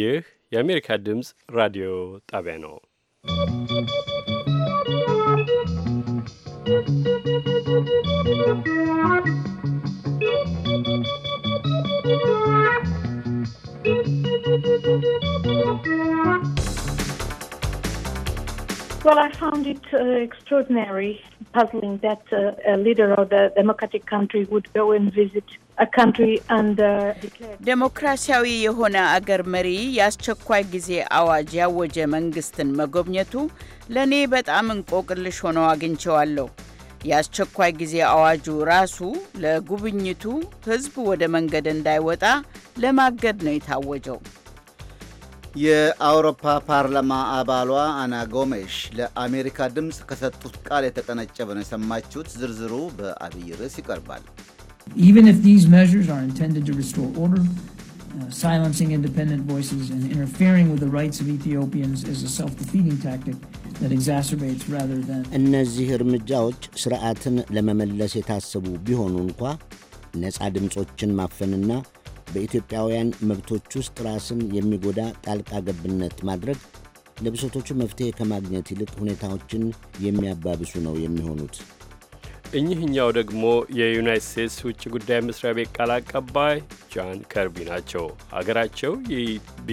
ይህ የአሜሪካ ድምፅ ራዲዮ ጣቢያ ነው። Well, I found it uh, extraordinary puzzling that uh, a leader of the democratic country would go and visit a country and uh, declare ዴሞክራሲያዊ የሆነ አገር መሪ የአስቸኳይ ጊዜ አዋጅ ያወጀ መንግስትን መጎብኘቱ ለእኔ በጣም እንቆቅልሽ ሆኖ አግኝቸዋለሁ። የአስቸኳይ ጊዜ አዋጁ ራሱ ለጉብኝቱ ህዝብ ወደ መንገድ እንዳይወጣ ለማገድ ነው የታወጀው። የአውሮፓ ፓርላማ አባሏ አና ጎሜሽ ለአሜሪካ ድምፅ ከሰጡት ቃል የተቀነጨበ ነው የሰማችሁት። ዝርዝሩ በአብይ ርዕስ ይቀርባል። እነዚህ እርምጃዎች ስርዓትን ለመመለስ የታሰቡ ቢሆኑ እንኳ ነፃ ድምፆችን ማፈንና በኢትዮጵያውያን መብቶች ውስጥ ራስን የሚጎዳ ጣልቃ ገብነት ማድረግ ለብሶቶቹ መፍትሔ ከማግኘት ይልቅ ሁኔታዎችን የሚያባብሱ ነው የሚሆኑት። እኚህኛው ደግሞ የዩናይት ስቴትስ ውጭ ጉዳይ መስሪያ ቤት ቃል አቀባይ ጃን ከርቢ ናቸው። ሀገራቸው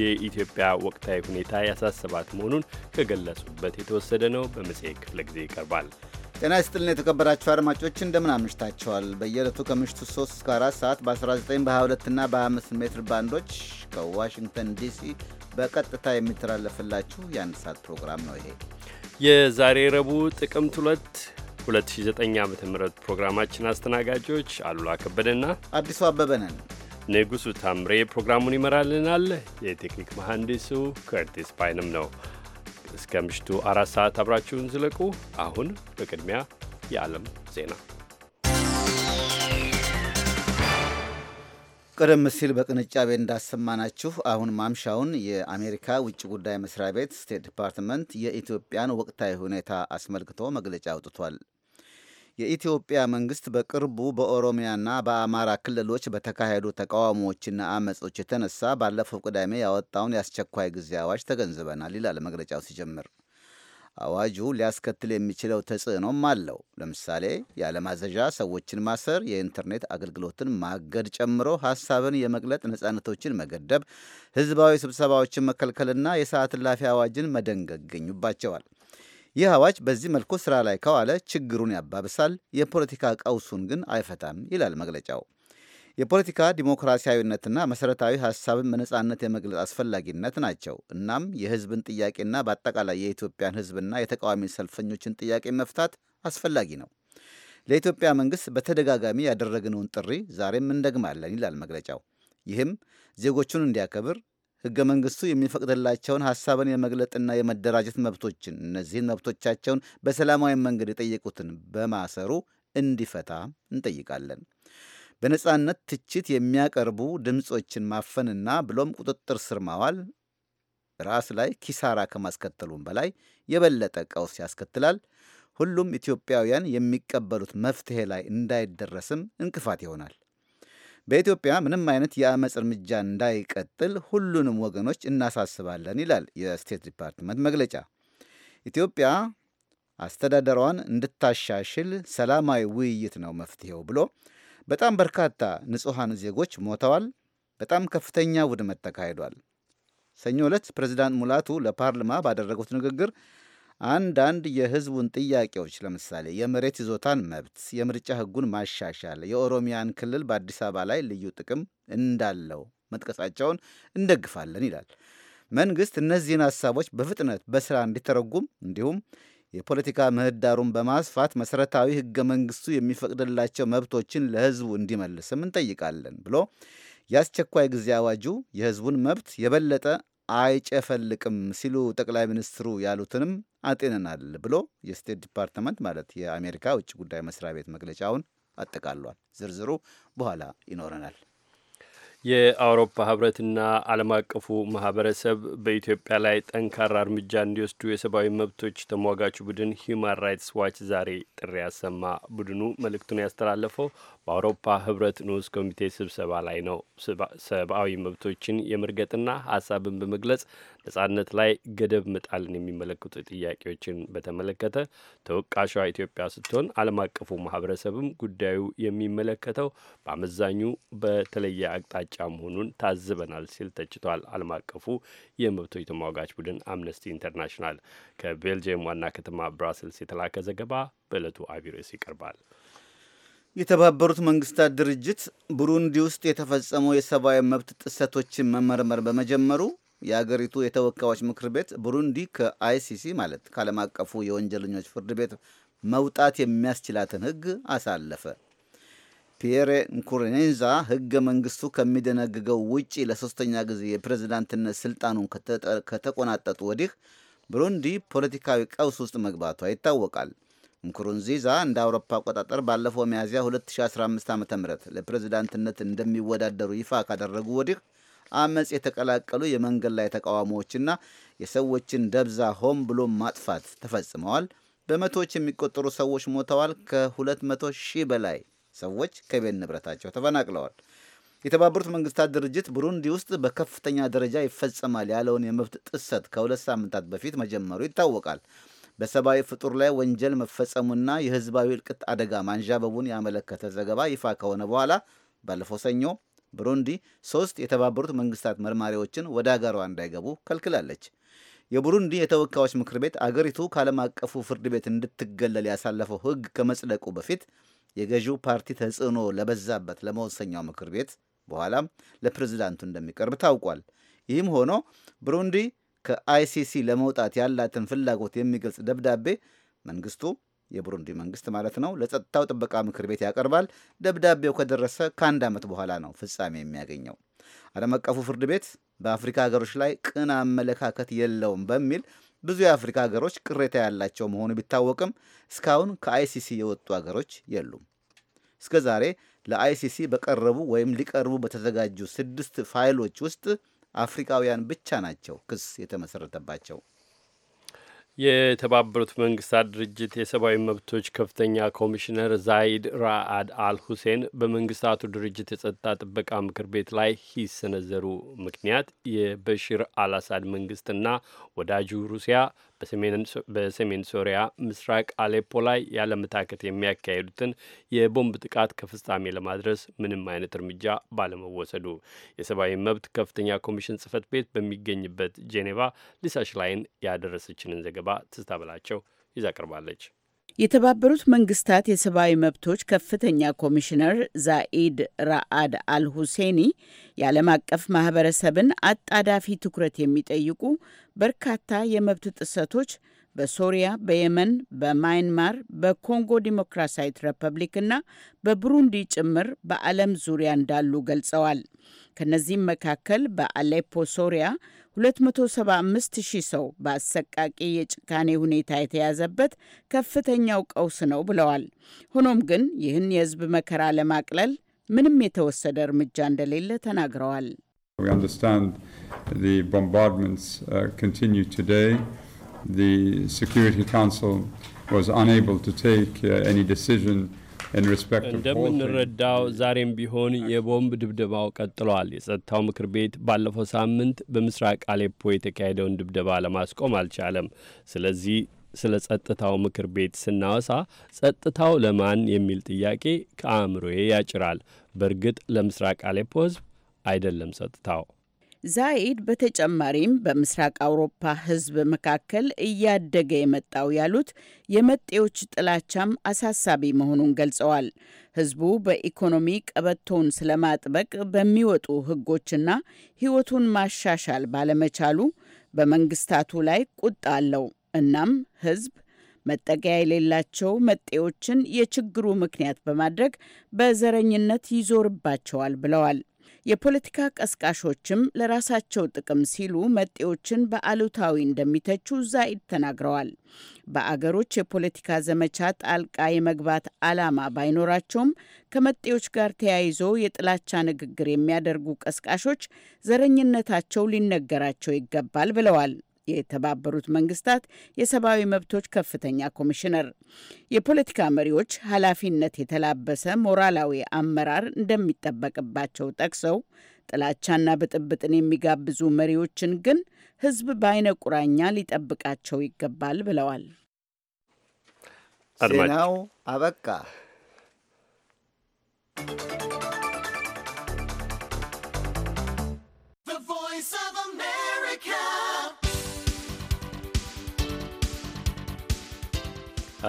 የኢትዮጵያ ወቅታዊ ሁኔታ ያሳሰባት መሆኑን ከገለጹበት የተወሰደ ነው። በመጽሔት ክፍለ ጊዜ ይቀርባል። ጤና ይስጥልን የተከበራችሁ አድማጮች እንደምን አምሽታችኋል። በየዕለቱ ከምሽቱ 3 እስከ 4 ሰዓት በ19 በ22 እና በ25 ሜትር ባንዶች ከዋሽንግተን ዲሲ በቀጥታ የሚተላለፍላችሁ የአንድ ሰዓት ፕሮግራም ነው። ይሄ የዛሬ ረቡዕ ጥቅምት 2 2009 ዓ ም ፕሮግራማችን አስተናጋጆች አሉላ ከበደና አዲሱ አበበ ነን። ንጉሱ ታምሬ ፕሮግራሙን ይመራልናል። የቴክኒክ መሐንዲሱ ከርቲስ ፓይንም ነው። እስከ ምሽቱ አራት ሰዓት አብራችሁን ዝለቁ። አሁን በቅድሚያ የዓለም ዜና። ቀደም ሲል በቅንጫቤ እንዳሰማናችሁ አሁን ማምሻውን የአሜሪካ ውጭ ጉዳይ መስሪያ ቤት ስቴት ዲፓርትመንት የኢትዮጵያን ወቅታዊ ሁኔታ አስመልክቶ መግለጫ አውጥቷል። የኢትዮጵያ መንግስት በቅርቡ በኦሮሚያና በአማራ ክልሎች በተካሄዱ ተቃውሞዎችና አመጾች የተነሳ ባለፈው ቅዳሜ ያወጣውን የአስቸኳይ ጊዜ አዋጅ ተገንዝበናል ይላል መግለጫው ሲጀምር። አዋጁ ሊያስከትል የሚችለው ተጽዕኖም አለው። ለምሳሌ ያለማዘዣ ሰዎችን ማሰር፣ የኢንተርኔት አገልግሎትን ማገድ ጨምሮ ሀሳብን የመግለጥ ነጻነቶችን መገደብ፣ ህዝባዊ ስብሰባዎችን መከልከልና የሰዓት እላፊ አዋጅን መደንገግ ይገኙባቸዋል። ይህ አዋጅ በዚህ መልኩ ስራ ላይ ከዋለ ችግሩን ያባብሳል፣ የፖለቲካ ቀውሱን ግን አይፈታም ይላል መግለጫው። የፖለቲካ ዲሞክራሲያዊነትና መሰረታዊ ሀሳብን በነጻነት የመግለጽ አስፈላጊነት ናቸው። እናም የህዝብን ጥያቄና በአጠቃላይ የኢትዮጵያን ህዝብና የተቃዋሚ ሰልፈኞችን ጥያቄ መፍታት አስፈላጊ ነው። ለኢትዮጵያ መንግስት በተደጋጋሚ ያደረግነውን ጥሪ ዛሬም እንደግማለን ይላል መግለጫው። ይህም ዜጎቹን እንዲያከብር ሕገ መንግሥቱ የሚፈቅድላቸውን ሐሳብን የመግለጥና የመደራጀት መብቶችን እነዚህን መብቶቻቸውን በሰላማዊ መንገድ የጠየቁትን በማሰሩ እንዲፈታ እንጠይቃለን። በነጻነት ትችት የሚያቀርቡ ድምፆችን ማፈንና ብሎም ቁጥጥር ስር ማዋል ራስ ላይ ኪሳራ ከማስከተሉም በላይ የበለጠ ቀውስ ያስከትላል። ሁሉም ኢትዮጵያውያን የሚቀበሉት መፍትሄ ላይ እንዳይደረስም እንቅፋት ይሆናል። በኢትዮጵያ ምንም አይነት የአመፅ እርምጃ እንዳይቀጥል ሁሉንም ወገኖች እናሳስባለን ይላል የስቴት ዲፓርትመንት መግለጫ። ኢትዮጵያ አስተዳደሯን እንድታሻሽል ሰላማዊ ውይይት ነው መፍትሄው ብሎ በጣም በርካታ ንጹሐን ዜጎች ሞተዋል። በጣም ከፍተኛ ውድመት ተካሂዷል። ሰኞ ዕለት ፕሬዚዳንት ሙላቱ ለፓርላማ ባደረጉት ንግግር አንዳንድ የህዝቡን ጥያቄዎች ለምሳሌ የመሬት ይዞታን መብት፣ የምርጫ ህጉን ማሻሻል፣ የኦሮሚያን ክልል በአዲስ አበባ ላይ ልዩ ጥቅም እንዳለው መጥቀሳቸውን እንደግፋለን ይላል። መንግስት እነዚህን ሀሳቦች በፍጥነት በስራ እንዲተረጉም እንዲሁም የፖለቲካ ምህዳሩን በማስፋት መሰረታዊ ህገ መንግስቱ የሚፈቅድላቸው መብቶችን ለህዝቡ እንዲመልስም እንጠይቃለን ብሎ የአስቸኳይ ጊዜ አዋጁ የህዝቡን መብት የበለጠ አይጨፈልቅም ሲሉ ጠቅላይ ሚኒስትሩ ያሉትንም አጤነናል ብሎ የስቴት ዲፓርትመንት ማለት የአሜሪካ ውጭ ጉዳይ መስሪያ ቤት መግለጫውን አጠቃሏል። ዝርዝሩ በኋላ ይኖረናል። የአውሮፓ ህብረትና ዓለም አቀፉ ማህበረሰብ በኢትዮጵያ ላይ ጠንካራ እርምጃ እንዲወስዱ የሰብአዊ መብቶች ተሟጋች ቡድን ሂዩማን ራይትስ ዋች ዛሬ ጥሪ ያሰማ። ቡድኑ መልእክቱን ያስተላለፈው በአውሮፓ ህብረት ንዑስ ኮሚቴ ስብሰባ ላይ ነው። ሰብአዊ መብቶችን የመርገጥና ሀሳብን በመግለጽ ነጻነት ላይ ገደብ መጣልን የሚመለከቱ ጥያቄዎችን በተመለከተ ተወቃሿ ኢትዮጵያ ስትሆን ዓለም አቀፉ ማህበረሰብም ጉዳዩ የሚመለከተው በአመዛኙ በተለየ አቅጣጫ መሆኑን ታዝበናል ሲል ተችቷል። ዓለም አቀፉ የመብቶች ተሟጋች ቡድን አምነስቲ ኢንተርናሽናል ከቤልጅየም ዋና ከተማ ብራስልስ የተላከ ዘገባ በዕለቱ አቢይ ይቀርባል። የተባበሩት መንግስታት ድርጅት ቡሩንዲ ውስጥ የተፈጸሙ የሰብአዊ መብት ጥሰቶችን መመርመር በመጀመሩ የአገሪቱ የተወካዮች ምክር ቤት ቡሩንዲ ከአይሲሲ ማለት ከዓለም አቀፉ የወንጀለኞች ፍርድ ቤት መውጣት የሚያስችላትን ህግ አሳለፈ። ፒየሬ ንኩሩንዚዛ ህገ መንግስቱ ከሚደነግገው ውጪ ለሶስተኛ ጊዜ የፕሬዝዳንትነት ስልጣኑን ከተቆናጠጡ ወዲህ ብሩንዲ ፖለቲካዊ ቀውስ ውስጥ መግባቷ ይታወቃል። ንኩሩንዚዛ እንደ አውሮፓ አቆጣጠር ባለፈው ሚያዝያ 2015 ዓ ም ለፕሬዚዳንትነት እንደሚወዳደሩ ይፋ ካደረጉ ወዲህ አመፅ የተቀላቀሉ የመንገድ ላይ ተቃዋሞዎችና የሰዎችን ደብዛ ሆን ብሎ ማጥፋት ተፈጽመዋል። በመቶዎች የሚቆጠሩ ሰዎች ሞተዋል። ከ200 ሺህ በላይ ሰዎች ከቤት ንብረታቸው ተፈናቅለዋል። የተባበሩት መንግስታት ድርጅት ቡሩንዲ ውስጥ በከፍተኛ ደረጃ ይፈጸማል ያለውን የመብት ጥሰት ከሁለት ሳምንታት በፊት መጀመሩ ይታወቃል። በሰብአዊ ፍጡር ላይ ወንጀል መፈጸሙና የህዝባዊ እልቅት አደጋ ማንዣበቡን ያመለከተ ዘገባ ይፋ ከሆነ በኋላ ባለፈው ሰኞ ብሩንዲ ሶስት የተባበሩት መንግስታት መርማሪዎችን ወደ አገሯ እንዳይገቡ ከልክላለች። የቡሩንዲ የተወካዮች ምክር ቤት አገሪቱ ከዓለም አቀፉ ፍርድ ቤት እንድትገለል ያሳለፈው ህግ ከመጽደቁ በፊት የገዢው ፓርቲ ተጽዕኖ ለበዛበት ለመወሰኛው ምክር ቤት በኋላም ለፕሬዝዳንቱ እንደሚቀርብ ታውቋል። ይህም ሆኖ ብሩንዲ ከአይሲሲ ለመውጣት ያላትን ፍላጎት የሚገልጽ ደብዳቤ መንግስቱ የቡሩንዲ መንግስት ማለት ነው ለጸጥታው ጥበቃ ምክር ቤት ያቀርባል። ደብዳቤው ከደረሰ ከአንድ ዓመት በኋላ ነው ፍጻሜ የሚያገኘው። ዓለም አቀፉ ፍርድ ቤት በአፍሪካ ሀገሮች ላይ ቅን አመለካከት የለውም በሚል ብዙ የአፍሪካ ሀገሮች ቅሬታ ያላቸው መሆኑ ቢታወቅም እስካሁን ከአይሲሲ የወጡ ሀገሮች የሉም። እስከ ዛሬ ለአይሲሲ በቀረቡ ወይም ሊቀርቡ በተዘጋጁ ስድስት ፋይሎች ውስጥ አፍሪካውያን ብቻ ናቸው ክስ የተመሰረተባቸው። የተባበሩት መንግስታት ድርጅት የሰብአዊ መብቶች ከፍተኛ ኮሚሽነር ዛይድ ራአድ አል ሁሴን በመንግስታቱ ድርጅት የጸጥታ ጥበቃ ምክር ቤት ላይ ሂስ ምክንያት የበሽር አልአሳድ መንግስትና ወዳጁ ሩሲያ በሰሜን ሶሪያ ምስራቅ አሌፖ ላይ ያለመታከት የሚያካሄዱትን የቦምብ ጥቃት ከፍጻሜ ለማድረስ ምንም አይነት እርምጃ ባለመወሰዱ የሰብአዊ መብት ከፍተኛ ኮሚሽን ጽህፈት ቤት በሚገኝበት ጄኔቫ ሊሳሽ ላይን ያደረሰችንን ዘገባ ትስታበላቸው ይዛ ቀርባለች። የተባበሩት መንግስታት የሰብአዊ መብቶች ከፍተኛ ኮሚሽነር ዛኢድ ራአድ አልሁሴኒ የዓለም አቀፍ ማህበረሰብን አጣዳፊ ትኩረት የሚጠይቁ በርካታ የመብት ጥሰቶች በሶሪያ፣ በየመን፣ በማይንማር፣ በኮንጎ ዲሞክራሲያዊት ሪፐብሊክና በብሩንዲ ጭምር በዓለም ዙሪያ እንዳሉ ገልጸዋል። ከነዚህም መካከል በአሌፖ ሶሪያ 275 ሺህ ሰው በአሰቃቂ የጭካኔ ሁኔታ የተያዘበት ከፍተኛው ቀውስ ነው ብለዋል። ሆኖም ግን ይህን የህዝብ መከራ ለማቅለል ምንም የተወሰደ እርምጃ እንደሌለ ተናግረዋል። እንደምንረዳው ዛሬም ቢሆን የቦምብ ድብደባው ቀጥሏል። የጸጥታው ምክር ቤት ባለፈው ሳምንት በምስራቅ አሌፖ የተካሄደውን ድብደባ ለማስቆም አልቻለም። ስለዚህ ስለ ጸጥታው ምክር ቤት ስናወሳ ጸጥታው ለማን የሚል ጥያቄ ከአእምሮዬ ያጭራል። በእርግጥ ለምስራቅ አሌፖ ሕዝብ አይደለም ጸጥታው ዛይድ በተጨማሪም በምስራቅ አውሮፓ ህዝብ መካከል እያደገ የመጣው ያሉት የመጤዎች ጥላቻም አሳሳቢ መሆኑን ገልጸዋል። ሕዝቡ በኢኮኖሚ ቀበቶውን ስለማጥበቅ በሚወጡ ሕጎችና ሕይወቱን ማሻሻል ባለመቻሉ በመንግስታቱ ላይ ቁጣ አለው። እናም ሕዝብ መጠቀያ የሌላቸው መጤዎችን የችግሩ ምክንያት በማድረግ በዘረኝነት ይዞርባቸዋል ብለዋል። የፖለቲካ ቀስቃሾችም ለራሳቸው ጥቅም ሲሉ መጤዎችን በአሉታዊ እንደሚተቹ ዛኢድ ተናግረዋል። በአገሮች የፖለቲካ ዘመቻ ጣልቃ የመግባት ዓላማ ባይኖራቸውም ከመጤዎች ጋር ተያይዞ የጥላቻ ንግግር የሚያደርጉ ቀስቃሾች ዘረኝነታቸው ሊነገራቸው ይገባል ብለዋል። የተባበሩት መንግስታት የሰብአዊ መብቶች ከፍተኛ ኮሚሽነር የፖለቲካ መሪዎች ኃላፊነት የተላበሰ ሞራላዊ አመራር እንደሚጠበቅባቸው ጠቅሰው ጥላቻና ብጥብጥን የሚጋብዙ መሪዎችን ግን ህዝብ በአይነ ቁራኛ ሊጠብቃቸው ይገባል ብለዋል። ዜናው አበቃ።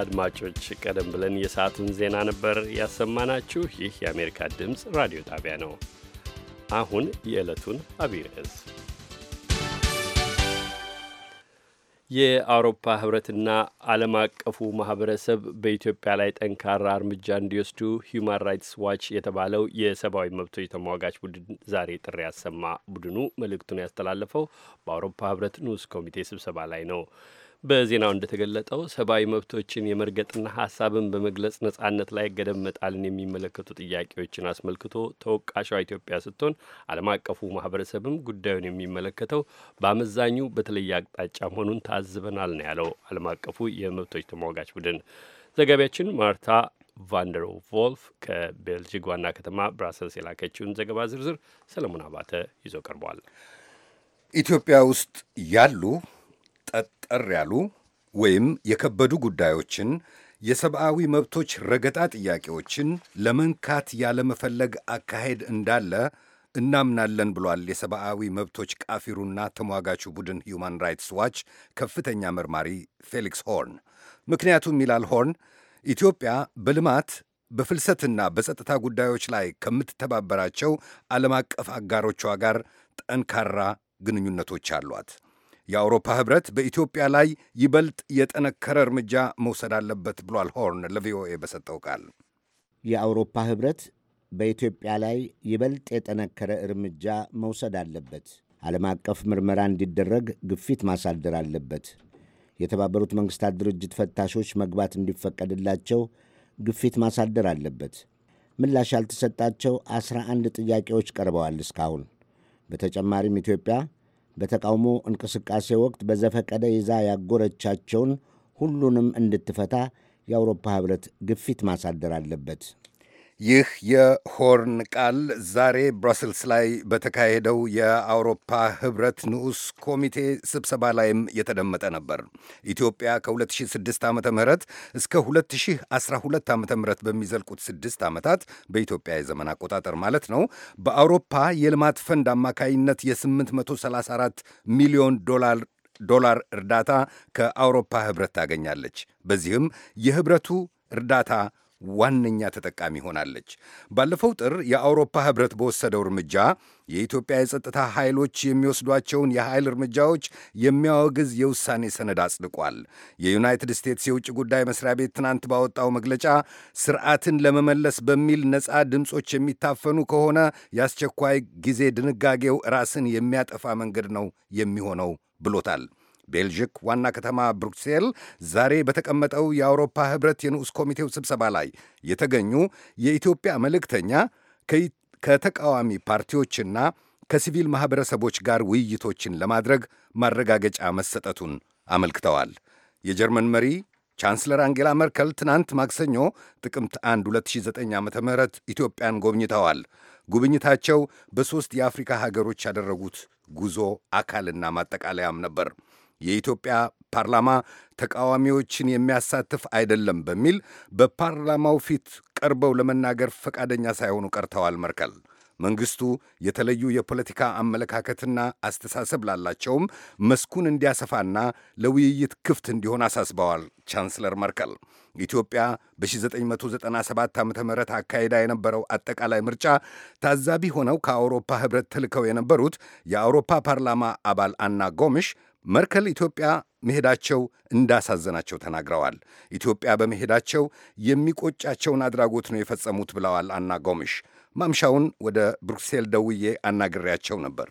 አድማጮች ቀደም ብለን የሰዓቱን ዜና ነበር ያሰማናችሁ። ይህ የአሜሪካ ድምፅ ራዲዮ ጣቢያ ነው። አሁን የዕለቱን አብይ ርዕስ የአውሮፓ ህብረትና ዓለም አቀፉ ማህበረሰብ በኢትዮጵያ ላይ ጠንካራ እርምጃ እንዲወስዱ ሂዩማን ራይትስ ዋች የተባለው የሰብአዊ መብቶች ተሟጋች ቡድን ዛሬ ጥሪ ያሰማ። ቡድኑ መልእክቱን ያስተላለፈው በአውሮፓ ህብረት ንዑስ ኮሚቴ ስብሰባ ላይ ነው። በዜናው እንደተገለጠው ሰብአዊ መብቶችን የመርገጥና ሀሳብን በመግለጽ ነጻነት ላይ ገደብ መጣልን የሚመለከቱ ጥያቄዎችን አስመልክቶ ተወቃሿ ኢትዮጵያ ስትሆን ዓለም አቀፉ ማህበረሰብም ጉዳዩን የሚመለከተው በአመዛኙ በተለየ አቅጣጫ መሆኑን ታዝበናል ነው ያለው ዓለም አቀፉ የመብቶች ተሟጋች ቡድን። ዘጋቢያችን ማርታ ቫንደር ቮልፍ ከቤልጅግ ዋና ከተማ ብራሰልስ የላከችውን ዘገባ ዝርዝር ሰለሞን አባተ ይዞ ቀርቧል። ኢትዮጵያ ውስጥ ያሉ ጠጠር ያሉ ወይም የከበዱ ጉዳዮችን የሰብአዊ መብቶች ረገጣ ጥያቄዎችን ለመንካት ያለመፈለግ አካሄድ እንዳለ እናምናለን ብሏል የሰብአዊ መብቶች ቃፊሩና ተሟጋቹ ቡድን ሂውማን ራይትስ ዋች ከፍተኛ መርማሪ ፌሊክስ ሆርን። ምክንያቱም ይላል ሆርን ኢትዮጵያ በልማት በፍልሰትና በጸጥታ ጉዳዮች ላይ ከምትተባበራቸው ዓለም አቀፍ አጋሮቿ ጋር ጠንካራ ግንኙነቶች አሏት። የአውሮፓ ህብረት በኢትዮጵያ ላይ ይበልጥ የጠነከረ እርምጃ መውሰድ አለበት ብሏል። ሆርን ለቪኦኤ በሰጠው ቃል የአውሮፓ ህብረት በኢትዮጵያ ላይ ይበልጥ የጠነከረ እርምጃ መውሰድ አለበት፣ ዓለም አቀፍ ምርመራ እንዲደረግ ግፊት ማሳደር አለበት፣ የተባበሩት መንግስታት ድርጅት ፈታሾች መግባት እንዲፈቀድላቸው ግፊት ማሳደር አለበት። ምላሽ ያልተሰጣቸው 11 ጥያቄዎች ቀርበዋል እስካሁን። በተጨማሪም ኢትዮጵያ በተቃውሞ እንቅስቃሴ ወቅት በዘፈቀደ ይዛ ያጎረቻቸውን ሁሉንም እንድትፈታ የአውሮፓ ህብረት ግፊት ማሳደር አለበት። ይህ የሆርን ቃል ዛሬ ብራስልስ ላይ በተካሄደው የአውሮፓ ህብረት ንዑስ ኮሚቴ ስብሰባ ላይም የተደመጠ ነበር። ኢትዮጵያ ከ2006 ዓ ም እስከ 2012 ዓ ም በሚዘልቁት ስድስት ዓመታት በኢትዮጵያ የዘመን አቆጣጠር ማለት ነው በአውሮፓ የልማት ፈንድ አማካይነት የ834 ሚሊዮን ዶላር ዶላር እርዳታ ከአውሮፓ ህብረት ታገኛለች። በዚህም የህብረቱ እርዳታ ዋነኛ ተጠቃሚ ሆናለች። ባለፈው ጥር የአውሮፓ ህብረት በወሰደው እርምጃ የኢትዮጵያ የጸጥታ ኃይሎች የሚወስዷቸውን የኃይል እርምጃዎች የሚያወግዝ የውሳኔ ሰነድ አጽድቋል። የዩናይትድ ስቴትስ የውጭ ጉዳይ መስሪያ ቤት ትናንት ባወጣው መግለጫ ስርዓትን ለመመለስ በሚል ነፃ ድምፆች የሚታፈኑ ከሆነ የአስቸኳይ ጊዜ ድንጋጌው ራስን የሚያጠፋ መንገድ ነው የሚሆነው ብሎታል። ቤልጅክ ዋና ከተማ ብሩክሴል ዛሬ በተቀመጠው የአውሮፓ ህብረት የንዑስ ኮሚቴው ስብሰባ ላይ የተገኙ የኢትዮጵያ መልእክተኛ ከተቃዋሚ ፓርቲዎችና ከሲቪል ማኅበረሰቦች ጋር ውይይቶችን ለማድረግ ማረጋገጫ መሰጠቱን አመልክተዋል። የጀርመን መሪ ቻንስለር አንጌላ መርከል ትናንት ማክሰኞ ጥቅምት 1 2009 ዓ ም ኢትዮጵያን ጎብኝተዋል። ጉብኝታቸው በሦስት የአፍሪካ ሀገሮች ያደረጉት ጉዞ አካልና ማጠቃለያም ነበር። የኢትዮጵያ ፓርላማ ተቃዋሚዎችን የሚያሳትፍ አይደለም በሚል በፓርላማው ፊት ቀርበው ለመናገር ፈቃደኛ ሳይሆኑ ቀርተዋል። መርከል መንግስቱ የተለዩ የፖለቲካ አመለካከትና አስተሳሰብ ላላቸውም መስኩን እንዲያሰፋና ለውይይት ክፍት እንዲሆን አሳስበዋል። ቻንስለር መርከል ኢትዮጵያ በ1997 ዓ ም አካሄዳ የነበረው አጠቃላይ ምርጫ ታዛቢ ሆነው ከአውሮፓ ህብረት ተልከው የነበሩት የአውሮፓ ፓርላማ አባል አና ጎምሽ መርከል ኢትዮጵያ መሄዳቸው እንዳሳዘናቸው ተናግረዋል። ኢትዮጵያ በመሄዳቸው የሚቆጫቸውን አድራጎት ነው የፈጸሙት ብለዋል አና ጎምሽ። ማምሻውን ወደ ብሩክሴል ደውዬ አናግሬያቸው ነበር።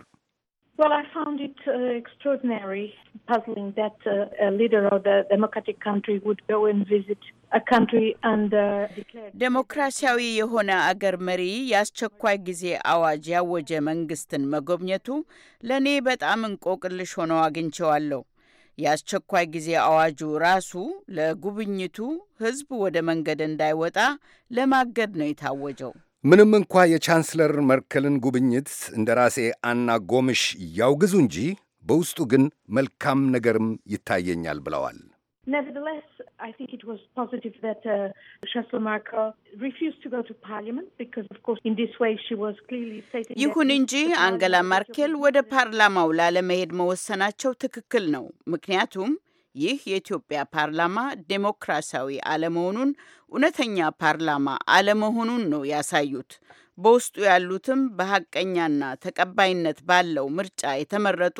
Well, I found it uh, extraordinary, puzzling that uh, a leader of the democratic country would go and visit a country and uh, declare... ዴሞክራሲያዊ የሆነ አገር መሪ የአስቸኳይ ጊዜ አዋጅ ያወጀ መንግስትን መጎብኘቱ ለእኔ በጣም እንቆቅልሽ ሆኖ አግኝቸዋለሁ። የአስቸኳይ ጊዜ አዋጁ ራሱ ለጉብኝቱ ህዝብ ወደ መንገድ እንዳይወጣ ለማገድ ነው የታወጀው። ምንም እንኳ የቻንስለር መርከልን ጉብኝት እንደ ራሴ አና ጎምሽ ያውግዙ እንጂ በውስጡ ግን መልካም ነገርም ይታየኛል ብለዋል። uh, ይሁን እንጂ አንገላ ማርኬል ወደ ፓርላማው ላለመሄድ መወሰናቸው ትክክል ነው። ምክንያቱም ይህ የኢትዮጵያ ፓርላማ ዴሞክራሲያዊ አለመሆኑን እውነተኛ ፓርላማ አለመሆኑን ነው ያሳዩት። በውስጡ ያሉትም በሀቀኛና ተቀባይነት ባለው ምርጫ የተመረጡ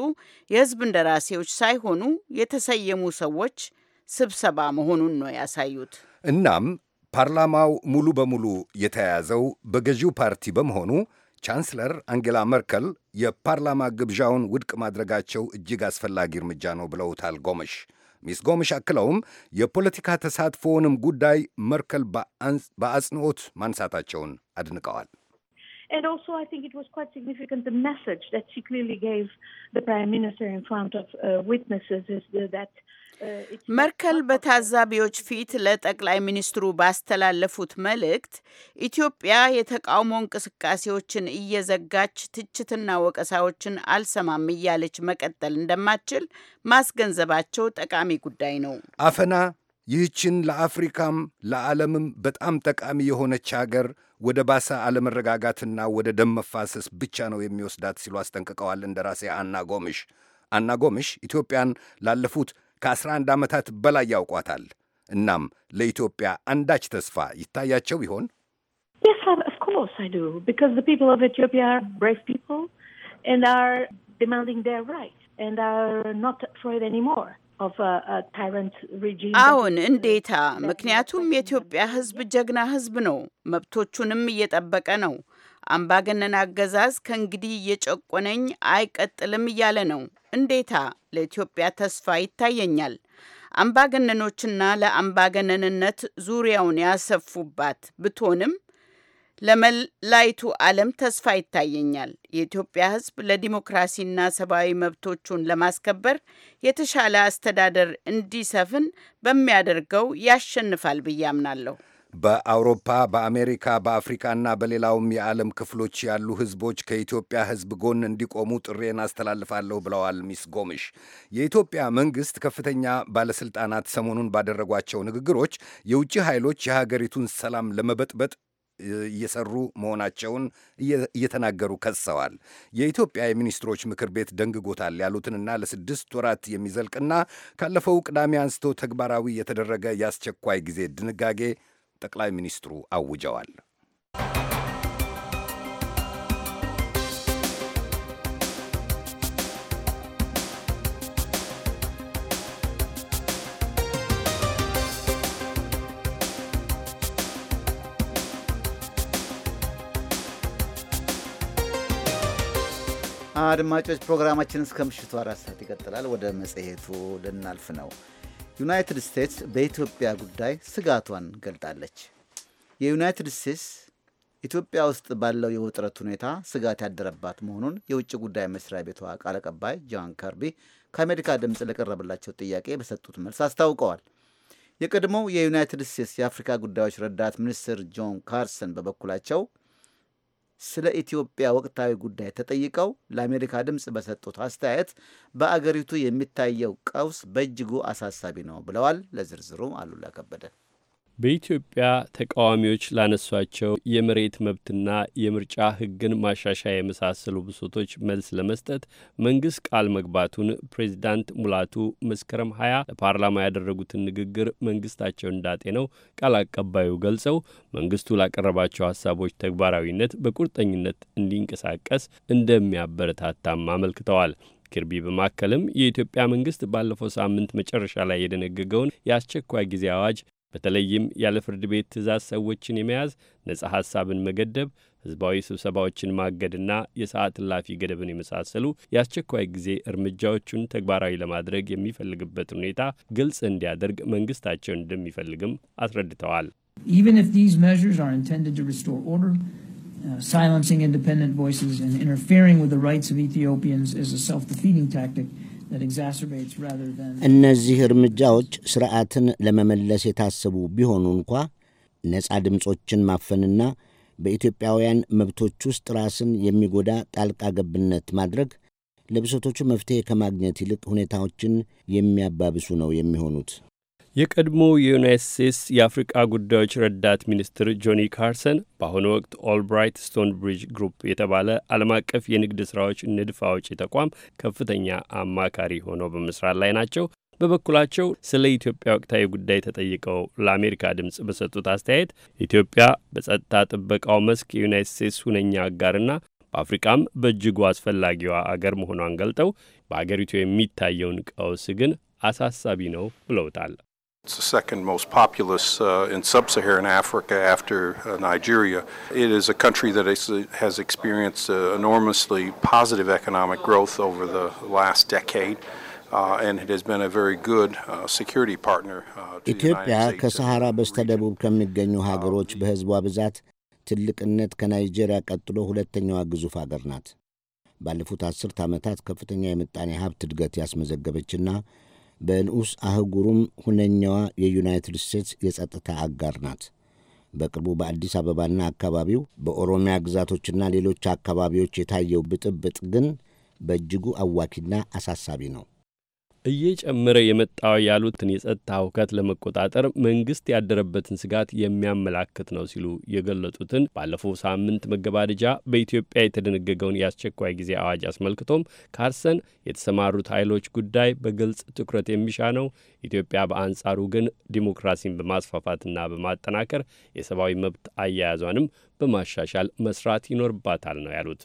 የህዝብ እንደራሴዎች ሳይሆኑ የተሰየሙ ሰዎች ስብሰባ መሆኑን ነው ያሳዩት። እናም ፓርላማው ሙሉ በሙሉ የተያያዘው በገዢው ፓርቲ በመሆኑ ቻንስለር አንጌላ መርከል የፓርላማ ግብዣውን ውድቅ ማድረጋቸው እጅግ አስፈላጊ እርምጃ ነው ብለውታል ጎመሽ። ሚስ ጎምሽ አክለውም የፖለቲካ ተሳትፎውንም ጉዳይ መርከል በአጽንኦት ማንሳታቸውን አድንቀዋል። And also, I think it was quite significant the message that she clearly gave the Prime Minister in front of uh, witnesses is that መርከል በታዛቢዎች ፊት ለጠቅላይ ሚኒስትሩ ባስተላለፉት መልእክት ኢትዮጵያ የተቃውሞ እንቅስቃሴዎችን እየዘጋች ትችትና ወቀሳዎችን አልሰማም እያለች መቀጠል እንደማትችል ማስገንዘባቸው ጠቃሚ ጉዳይ ነው። አፈና ይህችን ለአፍሪካም ለዓለምም በጣም ጠቃሚ የሆነች አገር ወደ ባሰ አለመረጋጋትና ወደ ደም መፋሰስ ብቻ ነው የሚወስዳት ሲሉ አስጠንቅቀዋል። እንደራሴ አና ጎምሽ አና ጎምሽ ኢትዮጵያን ላለፉት ከ11 ዓመታት በላይ ያውቋታል። እናም ለኢትዮጵያ አንዳች ተስፋ ይታያቸው ይሆን? አሁን እንዴታ! ምክንያቱም የኢትዮጵያ ሕዝብ ጀግና ሕዝብ ነው፣ መብቶቹንም እየጠበቀ ነው። አምባገነን አገዛዝ ከእንግዲህ እየጨቆነኝ አይቀጥልም እያለ ነው። እንዴታ! ለኢትዮጵያ ተስፋ ይታየኛል። አምባገነኖችና ለአምባገነንነት ዙሪያውን ያሰፉባት ብትሆንም ለመላይቱ ዓለም ተስፋ ይታየኛል። የኢትዮጵያ ሕዝብ ለዲሞክራሲና ሰብአዊ መብቶቹን ለማስከበር የተሻለ አስተዳደር እንዲሰፍን በሚያደርገው ያሸንፋል ብዬ አምናለሁ። በአውሮፓ በአሜሪካ በአፍሪካና በሌላውም የዓለም ክፍሎች ያሉ ህዝቦች ከኢትዮጵያ ህዝብ ጎን እንዲቆሙ ጥሬን አስተላልፋለሁ ብለዋል ሚስ ጎምሽ። የኢትዮጵያ መንግስት ከፍተኛ ባለስልጣናት ሰሞኑን ባደረጓቸው ንግግሮች የውጭ ኃይሎች የሀገሪቱን ሰላም ለመበጥበጥ እየሰሩ መሆናቸውን እየተናገሩ ከሰዋል። የኢትዮጵያ የሚኒስትሮች ምክር ቤት ደንግጎታል ያሉትንና ለስድስት ወራት የሚዘልቅና ካለፈው ቅዳሜ አንስቶ ተግባራዊ የተደረገ የአስቸኳይ ጊዜ ድንጋጌ ጠቅላይ ሚኒስትሩ አውጀዋል። አድማጮች ፕሮግራማችን እስከ ምሽቱ አራት ሰዓት ይቀጥላል። ወደ መጽሔቱ ልናልፍ ነው። ዩናይትድ ስቴትስ በኢትዮጵያ ጉዳይ ስጋቷን ገልጣለች። የዩናይትድ ስቴትስ ኢትዮጵያ ውስጥ ባለው የውጥረት ሁኔታ ስጋት ያደረባት መሆኑን የውጭ ጉዳይ መስሪያ ቤቷ ቃል አቀባይ ጃን ከርቢ ከአሜሪካ ድምፅ ለቀረበላቸው ጥያቄ በሰጡት መልስ አስታውቀዋል። የቀድሞው የዩናይትድ ስቴትስ የአፍሪካ ጉዳዮች ረዳት ሚኒስትር ጆን ካርሰን በበኩላቸው ስለ ኢትዮጵያ ወቅታዊ ጉዳይ ተጠይቀው ለአሜሪካ ድምፅ በሰጡት አስተያየት በአገሪቱ የሚታየው ቀውስ በእጅጉ አሳሳቢ ነው ብለዋል። ለዝርዝሩ አሉላ ከበደ በኢትዮጵያ ተቃዋሚዎች ላነሷቸው የመሬት መብትና የምርጫ ሕግን ማሻሻያ የመሳሰሉ ብሶቶች መልስ ለመስጠት መንግሥት ቃል መግባቱን ፕሬዚዳንት ሙላቱ መስከረም ሀያ ለፓርላማ ያደረጉትን ንግግር መንግስታቸው እንዳጤነው ቃል አቀባዩ ገልጸው መንግስቱ ላቀረባቸው ሀሳቦች ተግባራዊነት በቁርጠኝነት እንዲንቀሳቀስ እንደሚያበረታታም አመልክተዋል። ኪርቢ በማከልም የኢትዮጵያ መንግስት ባለፈው ሳምንት መጨረሻ ላይ የደነገገውን የአስቸኳይ ጊዜ አዋጅ በተለይም ያለ ፍርድ ቤት ትእዛዝ ሰዎችን የመያዝ ነጻ ሐሳብን መገደብ፣ ሕዝባዊ ስብሰባዎችን ማገድና የሰዓት እላፊ ገደብን የመሳሰሉ የአስቸኳይ ጊዜ እርምጃዎቹን ተግባራዊ ለማድረግ የሚፈልግበት ሁኔታ ግልጽ እንዲያደርግ መንግስታቸውን እንደሚፈልግም አስረድተዋል። uh, silencing independent voices and interfering with the rights of Ethiopians is a self-defeating tactic እነዚህ እርምጃዎች ሥርዓትን ለመመለስ የታሰቡ ቢሆኑ እንኳ ነፃ ድምፆችን ማፈንና በኢትዮጵያውያን መብቶች ውስጥ ራስን የሚጎዳ ጣልቃ ገብነት ማድረግ ለብሶቶቹ መፍትሔ ከማግኘት ይልቅ ሁኔታዎችን የሚያባብሱ ነው የሚሆኑት። የቀድሞ የዩናይት ስቴትስ የአፍሪቃ ጉዳዮች ረዳት ሚኒስትር ጆኒ ካርሰን በአሁኑ ወቅት ኦልብራይት ስቶን ብሪጅ ግሩፕ የተባለ ዓለም አቀፍ የንግድ ሥራዎች ንድፍ አውጪ ተቋም ከፍተኛ አማካሪ ሆነው በመስራት ላይ ናቸው። በበኩላቸው ስለ ኢትዮጵያ ወቅታዊ ጉዳይ ተጠይቀው ለአሜሪካ ድምፅ በሰጡት አስተያየት ኢትዮጵያ በጸጥታ ጥበቃው መስክ የዩናይት ስቴትስ ሁነኛ አጋርና በአፍሪቃም በእጅጉ አስፈላጊዋ አገር መሆኗን ገልጠው በአገሪቱ የሚታየውን ቀውስ ግን አሳሳቢ ነው ብለውታል። It's the second most populous uh, in sub Saharan Africa after uh, Nigeria. It is a country that is, has experienced uh, enormously positive economic growth over the last decade. and it has been a very good security partner. ኢትዮጵያ ከሰሐራ በስተደቡብ ከሚገኙ ሀገሮች በሕዝቧ ብዛት ትልቅነት ከናይጄሪያ ቀጥሎ ሁለተኛዋ ግዙፍ ሀገር ናት። ባለፉት አስርት ዓመታት ከፍተኛ የምጣኔ ሀብት እድገት ያስመዘገበችና በንዑስ አህጉሩም ሁነኛዋ የዩናይትድ ስቴትስ የጸጥታ አጋር ናት። በቅርቡ በአዲስ አበባና አካባቢው በኦሮሚያ ግዛቶችና ሌሎች አካባቢዎች የታየው ብጥብጥ ግን በእጅጉ አዋኪና አሳሳቢ ነው። እየጨመረ የመጣው ያሉትን የጸጥታ ሁከት ለመቆጣጠር መንግስት ያደረበትን ስጋት የሚያመላክት ነው ሲሉ የገለጹትን ባለፈው ሳምንት መገባደጃ በኢትዮጵያ የተደነገገውን የአስቸኳይ ጊዜ አዋጅ አስመልክቶም ካርሰን የተሰማሩት ኃይሎች ጉዳይ በግልጽ ትኩረት የሚሻ ነው፣ ኢትዮጵያ በአንጻሩ ግን ዲሞክራሲን በማስፋፋትና በማጠናከር የሰብአዊ መብት አያያዟንም በማሻሻል መስራት ይኖርባታል ነው ያሉት።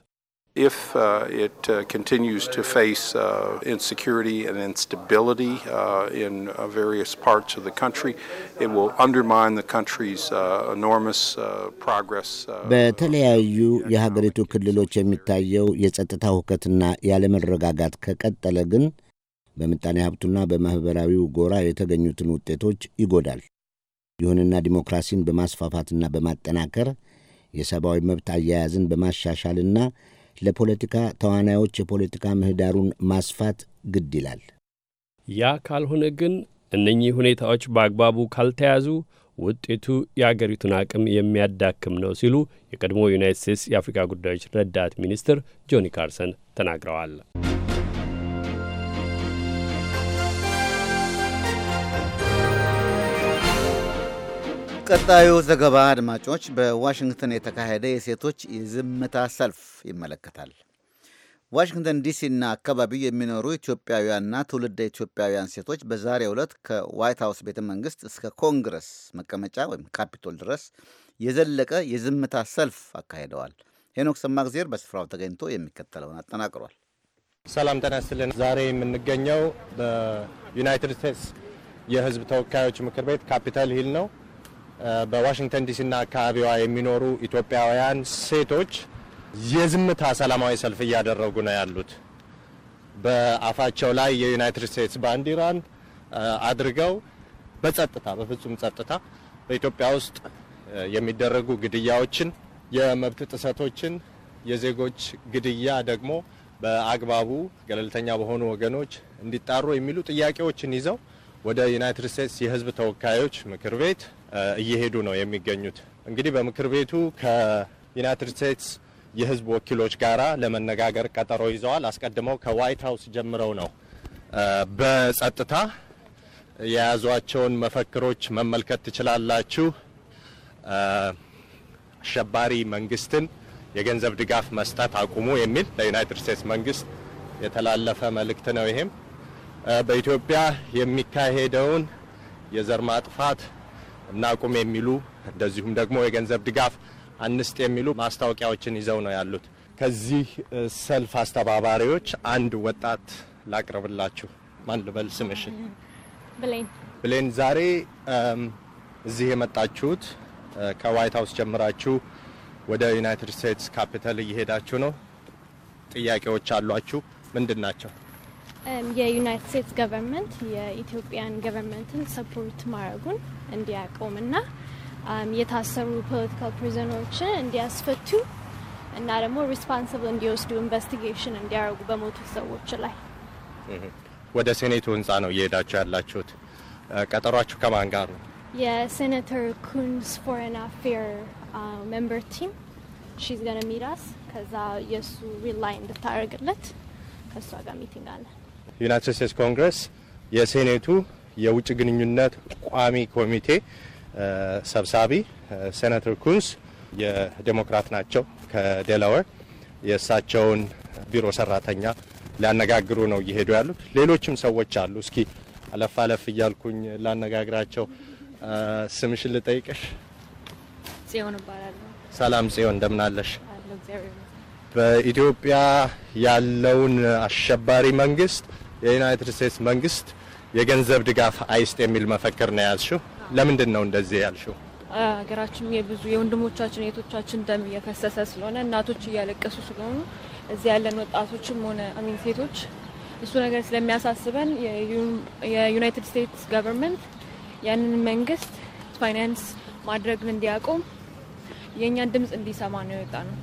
If uh, it uh, continues to face uh, insecurity and instability uh, in uh, various parts of the country, it will undermine the country's uh, enormous uh, progress. Uh, በተለያዩ የሀገሪቱ ክልሎች የሚታየው የጸጥታ ሁከትና ያለመረጋጋት ከቀጠለ ግን በምጣኔ ሀብቱና በማኅበራዊው ጎራ የተገኙትን ውጤቶች ይጎዳል። ይሁንና ዲሞክራሲን በማስፋፋትና በማጠናከር የሰብአዊ መብት አያያዝን በማሻሻልና ለፖለቲካ ተዋናዮች የፖለቲካ ምህዳሩን ማስፋት ግድ ይላል። ያ ካልሆነ ግን እነኚህ ሁኔታዎች በአግባቡ ካልተያዙ ውጤቱ የአገሪቱን አቅም የሚያዳክም ነው ሲሉ የቀድሞ ዩናይት ስቴትስ የአፍሪካ ጉዳዮች ረዳት ሚኒስትር ጆኒ ካርሰን ተናግረዋል። ቀጣዩ ዘገባ አድማጮች በዋሽንግተን የተካሄደ የሴቶች የዝምታ ሰልፍ ይመለከታል። ዋሽንግተን ዲሲና አካባቢው የሚኖሩ ኢትዮጵያውያንና ትውልደ ኢትዮጵያውያን ሴቶች በዛሬ ዕለት ከዋይት ሀውስ ቤተ መንግስት እስከ ኮንግረስ መቀመጫ ወይም ካፒቶል ድረስ የዘለቀ የዝምታ ሰልፍ አካሂደዋል። ሄኖክ ሰማግዜር በስፍራው ተገኝቶ የሚከተለውን አጠናቅሯል። ሰላም ጤና ዛሬ የምንገኘው በዩናይትድ ስቴትስ የህዝብ ተወካዮች ምክር ቤት ካፒታል ሂል ነው። በዋሽንግተን ዲሲና አካባቢዋ የሚኖሩ ኢትዮጵያውያን ሴቶች የዝምታ ሰላማዊ ሰልፍ እያደረጉ ነው ያሉት። በአፋቸው ላይ የዩናይትድ ስቴትስ ባንዲራን አድርገው በጸጥታ በፍጹም ጸጥታ በኢትዮጵያ ውስጥ የሚደረጉ ግድያዎችን፣ የመብት ጥሰቶችን፣ የዜጎች ግድያ ደግሞ በአግባቡ ገለልተኛ በሆኑ ወገኖች እንዲጣሩ የሚሉ ጥያቄዎችን ይዘው ወደ ዩናይትድ ስቴትስ የሕዝብ ተወካዮች ምክር ቤት እየሄዱ ነው የሚገኙት። እንግዲህ በምክር ቤቱ ከዩናይትድ ስቴትስ የህዝብ ወኪሎች ጋራ ለመነጋገር ቀጠሮ ይዘዋል። አስቀድመው ከዋይት ሀውስ ጀምረው ነው በጸጥታ የያዟቸውን መፈክሮች መመልከት ትችላላችሁ። አሸባሪ መንግስትን የገንዘብ ድጋፍ መስጠት አቁሙ የሚል ለዩናይትድ ስቴትስ መንግስት የተላለፈ መልእክት ነው። ይሄም በኢትዮጵያ የሚካሄደውን የዘር ማጥፋት እናቁም የሚሉ እንደዚሁም ደግሞ የገንዘብ ድጋፍ አንስጥ የሚሉ ማስታወቂያዎችን ይዘው ነው ያሉት። ከዚህ ሰልፍ አስተባባሪዎች አንድ ወጣት ላቅርብላችሁ። ማን ልበል ስምሽን? ብሌን። ብሌን ዛሬ እዚህ የመጣችሁት ከዋይት ሀውስ ጀምራችሁ ወደ ዩናይትድ ስቴትስ ካፒታል እየሄዳችሁ ነው። ጥያቄዎች አሏችሁ፣ ምንድን ናቸው? የዩናይትድ ስቴትስ ገቨርንመንት የኢትዮጵያን ገቨርንመንትን ሰፖርት ማድረጉን እንዲያቆምና የታሰሩ ፖለቲካል ፕሪዘነሮችን እንዲያስፈቱ እና ደግሞ ሪስፖንስብል እንዲወስዱ ኢንቨስቲጌሽን እንዲያደርጉ በሞቱት ሰዎች ላይ። ወደ ሴኔቱ ህንፃ ነው እየሄዳችሁ ያላችሁት። ቀጠሯችሁ ከማን ጋር ነው? የሴኔተር ኩንስ ፎሬን አፌር ሜምበር ቲም ሺዝ ገነ ሚራስ ከዛ የእሱ ሪላይ እንድታደርግለት ከእሷ ጋር ሚቲንግ አለን። ዩናይትድ ስቴትስ ኮንግረስ የሴኔቱ የውጭ ግንኙነት ቋሚ ኮሚቴ ሰብሳቢ ሴናተር ኩንስ የዴሞክራት ናቸው። ከዴላወር የእሳቸውን ቢሮ ሰራተኛ ሊያነጋግሩ ነው እየሄዱ ያሉት። ሌሎችም ሰዎች አሉ። እስኪ አለፍ አለፍ እያልኩኝ ላነጋግራቸው። ስምሽን ልጠይቅሽ? ጽዮን እባላለሁ። ሰላም ጽዮን፣ እንደምናለሽ? በኢትዮጵያ ያለውን አሸባሪ መንግስት የዩናይትድ ስቴትስ መንግስት የገንዘብ ድጋፍ አይስጥ የሚል መፈክር ነው ያልሽው። ለምንድን ነው እንደዚህ ያልሽው? ሀገራችን የብዙ የወንድሞቻችን የቶቻችን ደም እየፈሰሰ ስለሆነ እናቶች እያለቀሱ ስለሆኑ እዚህ ያለን ወጣቶችም ሆነ አሚን ሴቶች እሱ ነገር ስለሚያሳስበን የዩናይትድ ስቴትስ ገቨርንመንት ያንን መንግስት ፋይናንስ ማድረግን እንዲያቆም የእኛን ድምፅ እንዲሰማ ነው የወጣ ነው።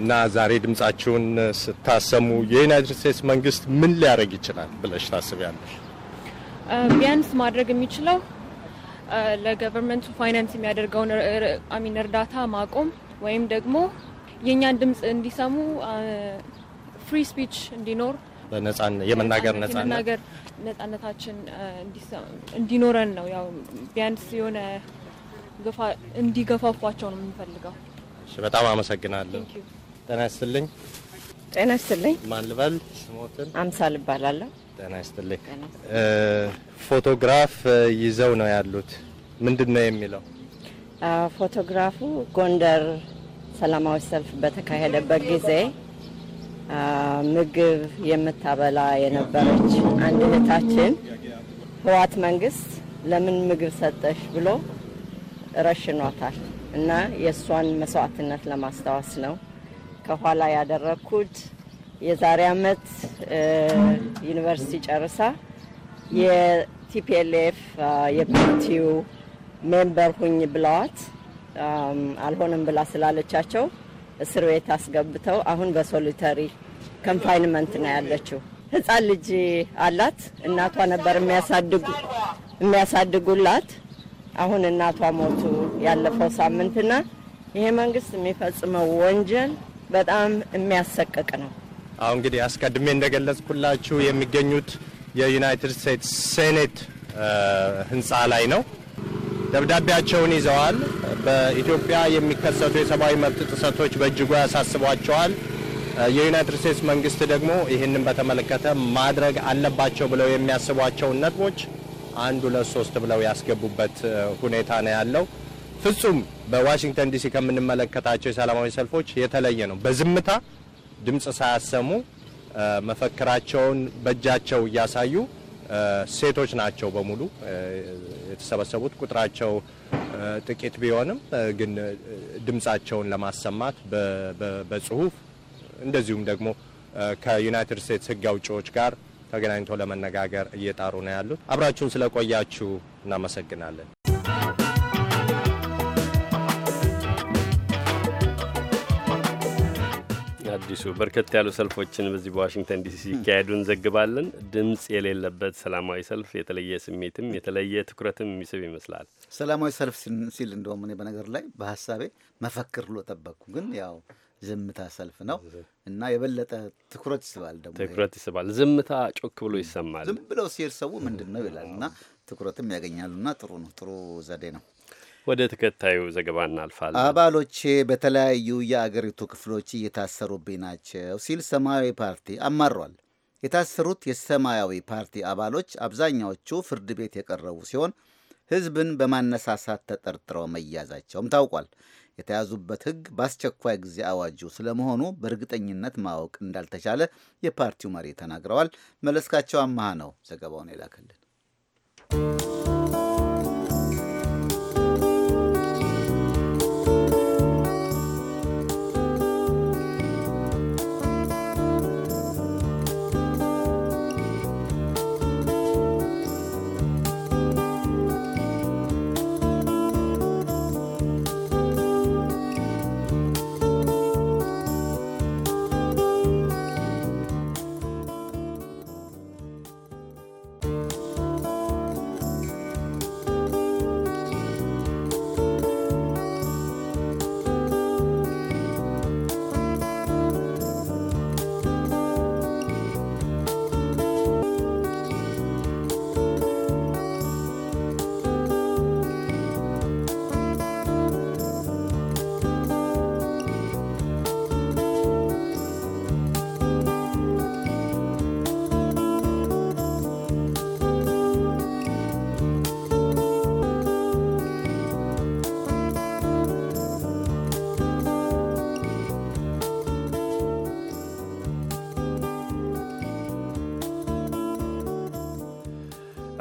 እና ዛሬ ድምጻችሁን ስታሰሙ የዩናይትድ ስቴትስ መንግስት ምን ሊያደርግ ይችላል ብለሽ ታስቢያለሽ? ቢያንስ ማድረግ የሚችለው ለገቨርንመንቱ ፋይናንስ የሚያደርገውን አሚን እርዳታ ማቆም ወይም ደግሞ የእኛን ድምፅ እንዲሰሙ ፍሪ ስፒች እንዲኖር የመናገር ነጻነታችን እንዲኖረን ነው። ያው ቢያንስ የሆነ እንዲገፋፏቸው ነው የምንፈልገው። በጣም አመሰግናለሁ። ጤና ይስጥልኝ። ጤና ይስጥልኝ። ማን ልበል? ስሞትን? አምሳል እባላለሁ። ጤና ይስጥልኝ። ፎቶግራፍ ይዘው ነው ያሉት። ምንድን ነው የሚለው ፎቶግራፉ? ጎንደር ሰላማዊ ሰልፍ በተካሄደበት ጊዜ ምግብ የምታበላ የነበረች አንድ እህታችን ህዋት መንግስት ለምን ምግብ ሰጠሽ ብሎ ረሽኗታል እና የእሷን መስዋዕትነት ለማስታወስ ነው። ከኋላ ያደረግኩት የዛሬ አመት ዩኒቨርሲቲ ጨርሳ የቲፒኤልኤፍ የፓርቲው ሜምበር ሁኝ ብለዋት አልሆንም ብላ ስላለቻቸው እስር ቤት አስገብተው አሁን በሶሊተሪ ኮንፋይንመንት ነው ያለችው። ህፃን ልጅ አላት። እናቷ ነበር የሚያሳድጉላት። አሁን እናቷ ሞቱ ያለፈው ሳምንትና ይሄ መንግስት የሚፈጽመው ወንጀል በጣም የሚያሰቅቅ ነው። አሁ እንግዲህ አስቀድሜ እንደገለጽኩላችሁ የሚገኙት የዩናይትድ ስቴትስ ሴኔት ህንፃ ላይ ነው። ደብዳቤያቸውን ይዘዋል። በኢትዮጵያ የሚከሰቱ የሰብአዊ መብት ጥሰቶች በእጅጉ ያሳስቧቸዋል። የዩናይትድ ስቴትስ መንግስት ደግሞ ይህንን በተመለከተ ማድረግ አለባቸው ብለው የሚያስቧቸውን ነጥቦች አንድ ሁለት ሶስት ብለው ያስገቡበት ሁኔታ ነው ያለው። ፍጹም በዋሽንግተን ዲሲ ከምንመለከታቸው የሰላማዊ ሰልፎች የተለየ ነው። በዝምታ ድምፅ ሳያሰሙ መፈክራቸውን በእጃቸው እያሳዩ ሴቶች ናቸው በሙሉ የተሰበሰቡት። ቁጥራቸው ጥቂት ቢሆንም ግን ድምፃቸውን ለማሰማት በጽሁፍ እንደዚሁም ደግሞ ከዩናይትድ ስቴትስ ሕግ አውጪዎች ጋር ተገናኝቶ ለመነጋገር እየጣሩ ነው ያሉት። አብራችሁን ስለቆያችሁ እናመሰግናለን። አዲሱ በርከት ያሉ ሰልፎችን በዚህ በዋሽንግተን ዲሲ ሲካሄዱ እንዘግባለን። ድምፅ የሌለበት ሰላማዊ ሰልፍ የተለየ ስሜትም የተለየ ትኩረትም የሚስብ ይመስላል። ሰላማዊ ሰልፍ ሲል እንደውም እኔ በነገር ላይ በሀሳቤ መፈክር ብሎ ጠበቅኩ፣ ግን ያው ዝምታ ሰልፍ ነው እና የበለጠ ትኩረት ይስባል። ደግሞ ትኩረት ይስባል። ዝምታ ጮክ ብሎ ይሰማል። ዝም ብለው ሲሄድ ሰው ምንድን ነው ይላል እና ትኩረትም ያገኛሉና ጥሩ ነው። ጥሩ ዘዴ ነው። ወደ ተከታዩ ዘገባ እናልፋለን። አባሎቼ በተለያዩ የአገሪቱ ክፍሎች እየታሰሩብኝ ናቸው ሲል ሰማያዊ ፓርቲ አማሯል። የታሰሩት የሰማያዊ ፓርቲ አባሎች አብዛኛዎቹ ፍርድ ቤት የቀረቡ ሲሆን ሕዝብን በማነሳሳት ተጠርጥረው መያዛቸውም ታውቋል። የተያዙበት ሕግ በአስቸኳይ ጊዜ አዋጁ ስለመሆኑ በእርግጠኝነት ማወቅ እንዳልተቻለ የፓርቲው መሪ ተናግረዋል። መለስካቸው አመሃ ነው ዘገባውን የላከልን።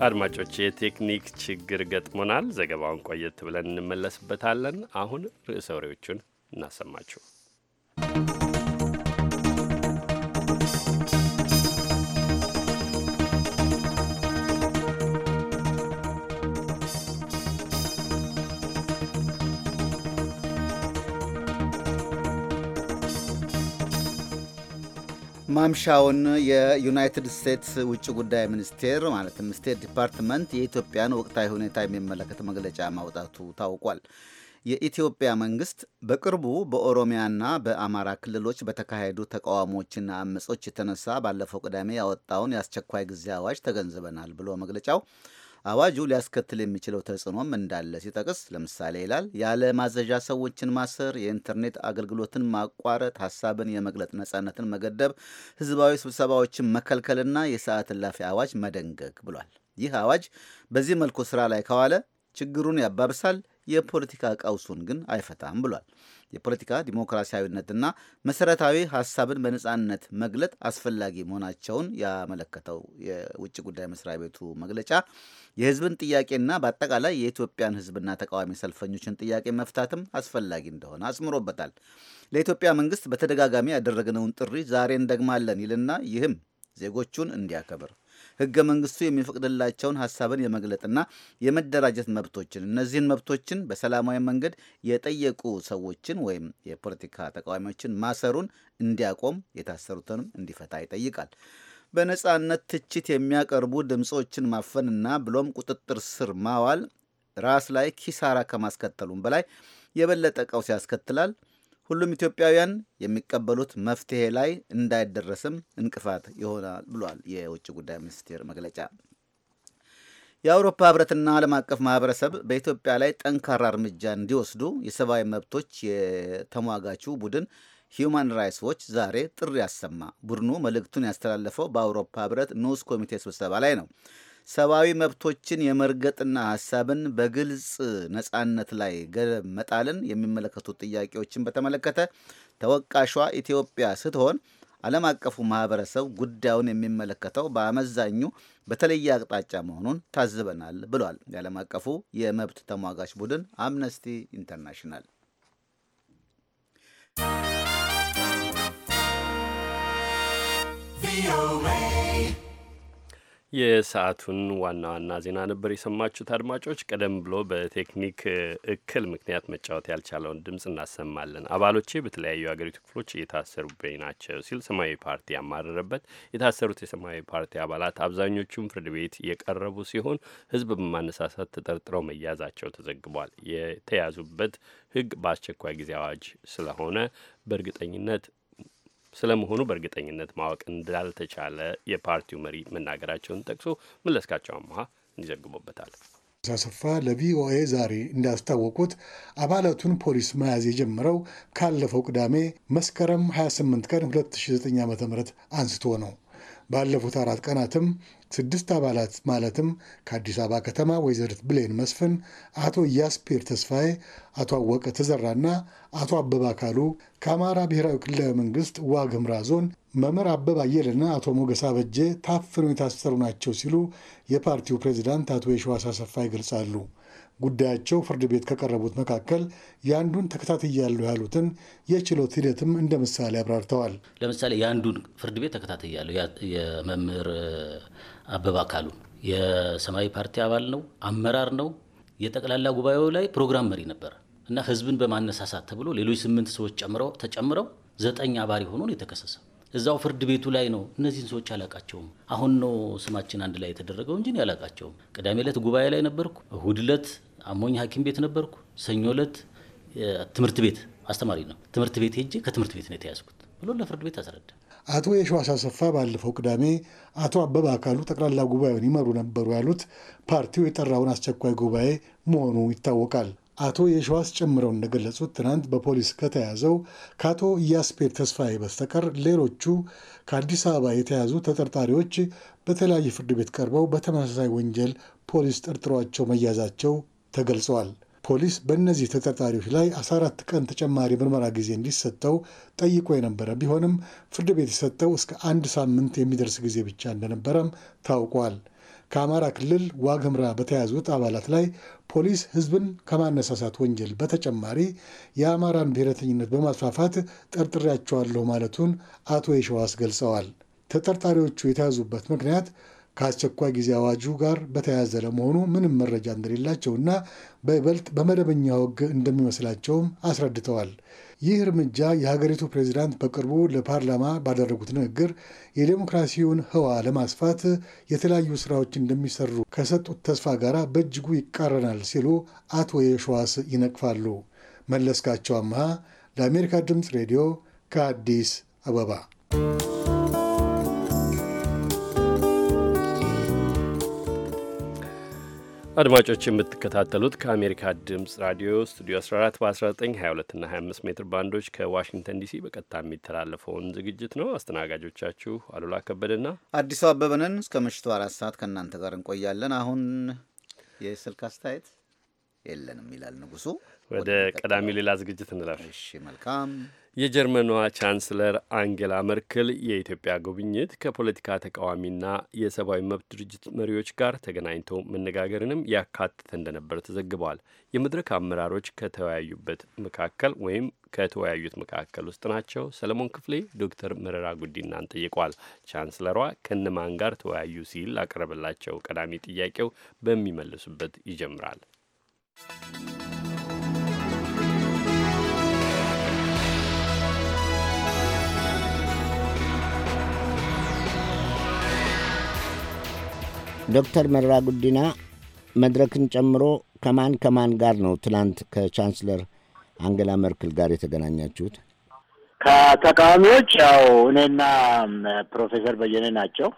አድማጮች የቴክኒክ ችግር ገጥሞናል። ዘገባውን ቆየት ብለን እንመለስበታለን። አሁን ርዕሰ ወሬዎቹን እናሰማችሁ። ማምሻውን የዩናይትድ ስቴትስ ውጭ ጉዳይ ሚኒስቴር ማለትም ስቴት ዲፓርትመንት የኢትዮጵያን ወቅታዊ ሁኔታ የሚመለከት መግለጫ ማውጣቱ ታውቋል። የኢትዮጵያ መንግስት በቅርቡ በኦሮሚያና በአማራ ክልሎች በተካሄዱ ተቃዋሞችና አመጾች የተነሳ ባለፈው ቅዳሜ ያወጣውን የአስቸኳይ ጊዜ አዋጅ ተገንዝበናል ብሎ መግለጫው አዋጁ ሊያስከትል የሚችለው ተጽዕኖም እንዳለ ሲጠቅስ ለምሳሌ ይላል ያለ ማዘዣ ሰዎችን ማሰር፣ የኢንተርኔት አገልግሎትን ማቋረጥ፣ ሀሳብን የመግለጥ ነጻነትን መገደብ፣ ህዝባዊ ስብሰባዎችን መከልከልና የሰዓት እላፊ አዋጅ መደንገግ ብሏል። ይህ አዋጅ በዚህ መልኩ ስራ ላይ ከዋለ ችግሩን ያባብሳል፣ የፖለቲካ ቀውሱን ግን አይፈታም ብሏል። የፖለቲካ ዲሞክራሲያዊነትና መሰረታዊ ሀሳብን በነጻነት መግለጥ አስፈላጊ መሆናቸውን ያመለከተው የውጭ ጉዳይ መስሪያ ቤቱ መግለጫ የህዝብን ጥያቄና በአጠቃላይ የኢትዮጵያን ህዝብና ተቃዋሚ ሰልፈኞችን ጥያቄ መፍታትም አስፈላጊ እንደሆነ አስምሮበታል። ለኢትዮጵያ መንግስት በተደጋጋሚ ያደረግነውን ጥሪ ዛሬ እንደግማለን ይልና ይህም ዜጎቹን እንዲያከብር ህገ መንግስቱ የሚፈቅድላቸውን ሀሳብን የመግለጥና የመደራጀት መብቶችን እነዚህን መብቶችን በሰላማዊ መንገድ የጠየቁ ሰዎችን ወይም የፖለቲካ ተቃዋሚዎችን ማሰሩን እንዲያቆም የታሰሩትንም እንዲፈታ ይጠይቃል። በነጻነት ትችት የሚያቀርቡ ድምፆችን ማፈንና ብሎም ቁጥጥር ስር ማዋል ራስ ላይ ኪሳራ ከማስከተሉም በላይ የበለጠ ቀውስ ያስከትላል። ሁሉም ኢትዮጵያውያን የሚቀበሉት መፍትሄ ላይ እንዳይደረስም እንቅፋት ይሆናል ብሏል የውጭ ጉዳይ ሚኒስቴር መግለጫ። የአውሮፓ ህብረትና ዓለም አቀፍ ማህበረሰብ በኢትዮጵያ ላይ ጠንካራ እርምጃ እንዲወስዱ የሰብአዊ መብቶች የተሟጋቹ ቡድን ሂዩማን ራይትስ ዎች ዛሬ ጥሪ አሰማ። ቡድኑ መልእክቱን ያስተላለፈው በአውሮፓ ህብረት ንዑስ ኮሚቴ ስብሰባ ላይ ነው። ሰብአዊ መብቶችን የመርገጥና ሀሳብን በግልጽ ነጻነት ላይ ገደብ መጣልን የሚመለከቱ ጥያቄዎችን በተመለከተ ተወቃሿ ኢትዮጵያ ስትሆን ዓለም አቀፉ ማህበረሰብ ጉዳዩን የሚመለከተው በአመዛኙ በተለየ አቅጣጫ መሆኑን ታዝበናል ብሏል የዓለም አቀፉ የመብት ተሟጋች ቡድን አምነስቲ ኢንተርናሽናል። የሰዓቱን ዋና ዋና ዜና ነበር የሰማችሁት አድማጮች። ቀደም ብሎ በቴክኒክ እክል ምክንያት መጫወት ያልቻለውን ድምፅ እናሰማለን። አባሎቼ በተለያዩ ሀገሪቱ ክፍሎች እየታሰሩብኝ ናቸው ሲል ሰማያዊ ፓርቲ ያማረረበት። የታሰሩት የሰማያዊ ፓርቲ አባላት አብዛኞቹም ፍርድ ቤት የቀረቡ ሲሆን ሕዝብ በማነሳሳት ተጠርጥረው መያዛቸው ተዘግቧል። የተያዙበት ሕግ በአስቸኳይ ጊዜ አዋጅ ስለሆነ በእርግጠኝነት ስለመሆኑ በእርግጠኝነት ማወቅ እንዳልተቻለ የፓርቲው መሪ መናገራቸውን ጠቅሶ መለስካቸው አመሀ እንዲዘግቡበታል። አሰፋ ለቪኦኤ ዛሬ እንዳስታወቁት አባላቱን ፖሊስ መያዝ የጀመረው ካለፈው ቅዳሜ መስከረም 28 ቀን 2009 .ም አንስቶ ነው። ባለፉት አራት ቀናትም ስድስት አባላት ማለትም ከአዲስ አበባ ከተማ ወይዘሪት ብሌን መስፍን፣ አቶ ያስፔር ተስፋዬ፣ አቶ አወቀ ተዘራና አቶ አበባ ካሉ ከአማራ ብሔራዊ ክልላዊ መንግስት ዋግ ኽምራ ዞን መምህር አበባ አየለና አቶ ሞገስ አበጄ ታፍነው የታሰሩ ናቸው ሲሉ የፓርቲው ፕሬዚዳንት አቶ የሸዋስ አሰፋ ይገልጻሉ። ጉዳያቸው ፍርድ ቤት ከቀረቡት መካከል የአንዱን ተከታትያለሁ ያሉትን የችሎት ሂደትም እንደ ምሳሌ አብራርተዋል። ለምሳሌ የአንዱን ፍርድ ቤት ተከታትያለሁ የመምህር አበባ አካሉ የሰማያዊ ፓርቲ አባል ነው፣ አመራር ነው። የጠቅላላ ጉባኤው ላይ ፕሮግራም መሪ ነበር እና ህዝብን በማነሳሳት ተብሎ ሌሎች ስምንት ሰዎች ጨምረው ተጨምረው ዘጠኝ አባሪ ሆኖ ነው የተከሰሰው። እዛው ፍርድ ቤቱ ላይ ነው። እነዚህን ሰዎች አላቃቸውም። አሁን ነው ስማችን አንድ ላይ የተደረገው እንጂ አላቃቸውም። ቅዳሜ ዕለት ጉባኤ ላይ ነበርኩ። እሁድ ዕለት አሞኝ ሐኪም ቤት ነበርኩ። ሰኞ ዕለት ትምህርት ቤት አስተማሪ ነው ትምህርት ቤት ሄጄ ከትምህርት ቤት ነው የተያዝኩት ብሎ ለፍርድ ቤት አስረዳ። አቶ የሸዋስ አሰፋ ባለፈው ቅዳሜ አቶ አበባ አካሉ ጠቅላላ ጉባኤውን ይመሩ ነበሩ ያሉት ፓርቲው የጠራውን አስቸኳይ ጉባኤ መሆኑ ይታወቃል። አቶ የሸዋስ ጨምረው እንደገለጹት ትናንት በፖሊስ ከተያዘው ከአቶ እያስፔር ተስፋዬ በስተቀር ሌሎቹ ከአዲስ አበባ የተያዙ ተጠርጣሪዎች በተለያየ ፍርድ ቤት ቀርበው በተመሳሳይ ወንጀል ፖሊስ ጠርጥሯቸው መያዛቸው ተገልጸዋል። ፖሊስ በእነዚህ ተጠርጣሪዎች ላይ 14 ቀን ተጨማሪ ምርመራ ጊዜ እንዲሰጠው ጠይቆ የነበረ ቢሆንም ፍርድ ቤት የሰጠው እስከ አንድ ሳምንት የሚደርስ ጊዜ ብቻ እንደነበረም ታውቋል። ከአማራ ክልል ዋግ ህምራ በተያዙት አባላት ላይ ፖሊስ ህዝብን ከማነሳሳት ወንጀል በተጨማሪ የአማራን ብሔረተኝነት በማስፋፋት ጠርጥሬያቸዋለሁ ማለቱን አቶ የሸዋስ ገልጸዋል። ተጠርጣሪዎቹ የተያዙበት ምክንያት ከአስቸኳይ ጊዜ አዋጁ ጋር በተያያዘ ለመሆኑ ምንም መረጃ እንደሌላቸውና በይበልጥ በመደበኛ ወግ እንደሚመስላቸውም አስረድተዋል። ይህ እርምጃ የሀገሪቱ ፕሬዚዳንት በቅርቡ ለፓርላማ ባደረጉት ንግግር የዴሞክራሲውን ህዋ ለማስፋት የተለያዩ ስራዎች እንደሚሰሩ ከሰጡት ተስፋ ጋር በእጅጉ ይቃረናል ሲሉ አቶ የሸዋስ ይነቅፋሉ። መለስካቸው አምሃ ለአሜሪካ ድምፅ ሬዲዮ ከአዲስ አበባ አድማጮች የምትከታተሉት ከአሜሪካ ድምፅ ራዲዮ ስቱዲዮ 14 በ1922 እና 25 ሜትር ባንዶች ከዋሽንግተን ዲሲ በቀጥታ የሚተላለፈውን ዝግጅት ነው። አስተናጋጆቻችሁ አሉላ ከበደና አዲሱ አበበንን እስከ ምሽቱ አራት ሰዓት ከእናንተ ጋር እንቆያለን። አሁን የስልክ አስተያየት የለንም ይላል ንጉሱ። ወደ ቀዳሚ ሌላ ዝግጅት እንላፍ። እሺ መልካም የጀርመኗ ቻንስለር አንጌላ መርክል የኢትዮጵያ ጉብኝት ከፖለቲካ ተቃዋሚና የሰብአዊ መብት ድርጅት መሪዎች ጋር ተገናኝቶ መነጋገርንም ያካተተ እንደነበር ተዘግቧል። የመድረክ አመራሮች ከተወያዩበት መካከል ወይም ከተወያዩት መካከል ውስጥ ናቸው። ሰለሞን ክፍሌ ዶክተር መረራ ጉዲናን ጠይቋል። ቻንስለሯ ከነማን ጋር ተወያዩ ሲል አቀረበላቸው ቀዳሚ ጥያቄው በሚመልሱበት ይጀምራል። ዶክተር መረራ ጉዲና መድረክን ጨምሮ ከማን ከማን ጋር ነው ትናንት ከቻንስለር አንገላ መርክል ጋር የተገናኛችሁት? ከተቃዋሚዎች ያው እኔና ፕሮፌሰር በየነ ናቸው።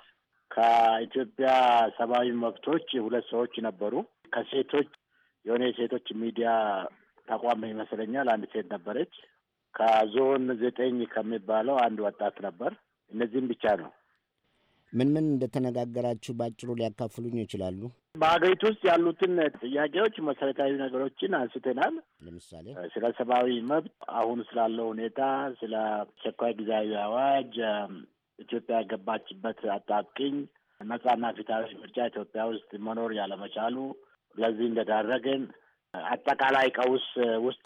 ከኢትዮጵያ ሰብአዊ መብቶች ሁለት ሰዎች ነበሩ። ከሴቶች የሆነ የሴቶች ሚዲያ ተቋም ይመስለኛል አንድ ሴት ነበረች። ከዞን ዘጠኝ ከሚባለው አንድ ወጣት ነበር። እነዚህም ብቻ ነው። ምን ምን እንደተነጋገራችሁ ባጭሩ ሊያካፍሉኝ ይችላሉ? በሀገሪቱ ውስጥ ያሉትን ጥያቄዎች፣ መሰረታዊ ነገሮችን አንስተናል። ለምሳሌ ስለ ሰብአዊ መብት፣ አሁን ስላለው ሁኔታ፣ ስለ አስቸኳይ ጊዜያዊ አዋጅ፣ ኢትዮጵያ የገባችበት አጣብቂኝ፣ ነጻና ፊታዊ ምርጫ ኢትዮጵያ ውስጥ መኖር ያለመቻሉ ለዚህ እንደዳረግን አጠቃላይ ቀውስ ውስጥ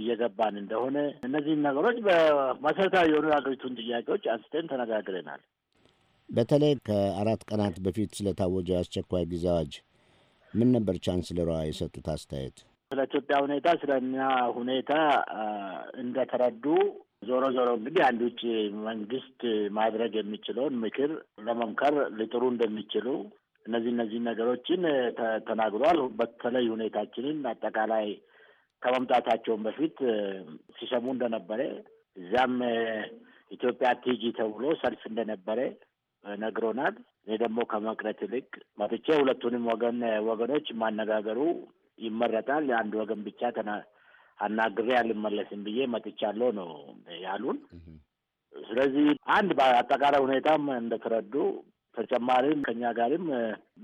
እየገባን እንደሆነ እነዚህን ነገሮች በመሰረታዊ የሆኑ የሀገሪቱን ጥያቄዎች አንስተን ተነጋግረናል። በተለይ ከአራት ቀናት በፊት ስለታወጀው አስቸኳይ ጊዜ አዋጅ ምን ነበር ቻንስለሯ የሰጡት አስተያየት? ስለ ኢትዮጵያ ሁኔታ፣ ስለ እኛ ሁኔታ እንደተረዱ ዞሮ ዞሮ እንግዲህ አንድ ውጭ መንግስት ማድረግ የሚችለውን ምክር ለመምከር ሊጥሩ እንደሚችሉ እነዚህ እነዚህ ነገሮችን ተናግሯል። በተለይ ሁኔታችንን አጠቃላይ ከመምጣታቸውን በፊት ሲሰሙ እንደነበረ እዚያም ኢትዮጵያ ቲጂ ተብሎ ሰልፍ እንደነበረ ነግሮናል። እኔ ደግሞ ከመቅረት ይልቅ መጥቼ ሁለቱንም ወገን ወገኖች ማነጋገሩ ይመረጣል። አንድ ወገን ብቻ አናግሬ አልመለስም ብዬ መጥቻለሁ ነው ያሉን። ስለዚህ አንድ በአጠቃላይ ሁኔታም እንደተረዱ ተጨማሪም ከኛ ጋርም